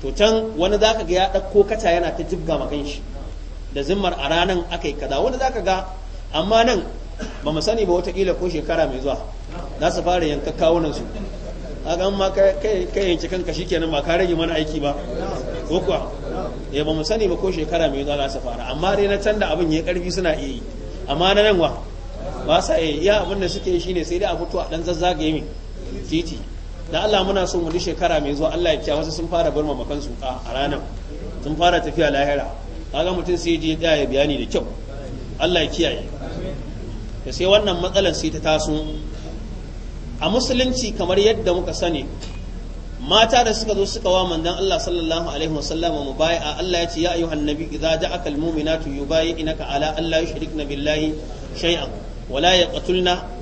[SPEAKER 1] to can wani zaka ga ya ɗakko kata yana ta jibga ma kanshi da zimmar a ranar aka yi kaza wani zaka ga amma nan ba mu sani ba wata watakila ko shekara mai zuwa za su fara yanka kawunan su kaga ma kai yanki kanka shikenan ba ka rage mana aiki ba ko kuwa eh ba mu sani ba ko shekara mai zuwa za fara amma dai na can da abin ya karfi suna iya yi amma na nan wa ba sa iya ya abin da suke ne sai dai a fito a dan zazzage min titi da Allah muna so mu duk shekara mai zuwa Allah ya kiya wasu sun fara bar mamakan su a ranar sun fara tafiya lahira kaga mutum sai je ya bayani da kyau Allah ya kiyaye da sai wannan matsalar sai ta taso a musulunci kamar yadda muka sani mata da suka zo suka wa manzon Allah sallallahu alaihi wasallam mu bai a Allah ya ce ya ayyuhan nabi idza ja'aka almu'minatu yubayyinaka ala alla yushrikna billahi shay'an wala yaqtulna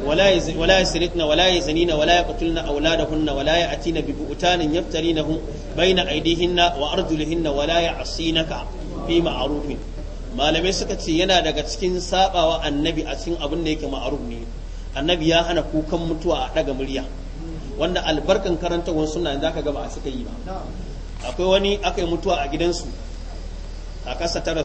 [SPEAKER 1] ولا يز... ولا يسرقن ولا يزنين ولا يقتلن اولادهن ولا ياتين ببؤتان يفترينه بين ايديهن وارجلهن ولا يعصينك fi ma'arufin malamai suka ce yana daga cikin sabawa annabi a cikin abin da yake ma'aruf ne annabi ya hana kukan mutuwa a daga murya wanda albarkan wani suna yanzu aka gaba a suka yi ba akwai wani aka yi mutuwa a gidansu a kasa tara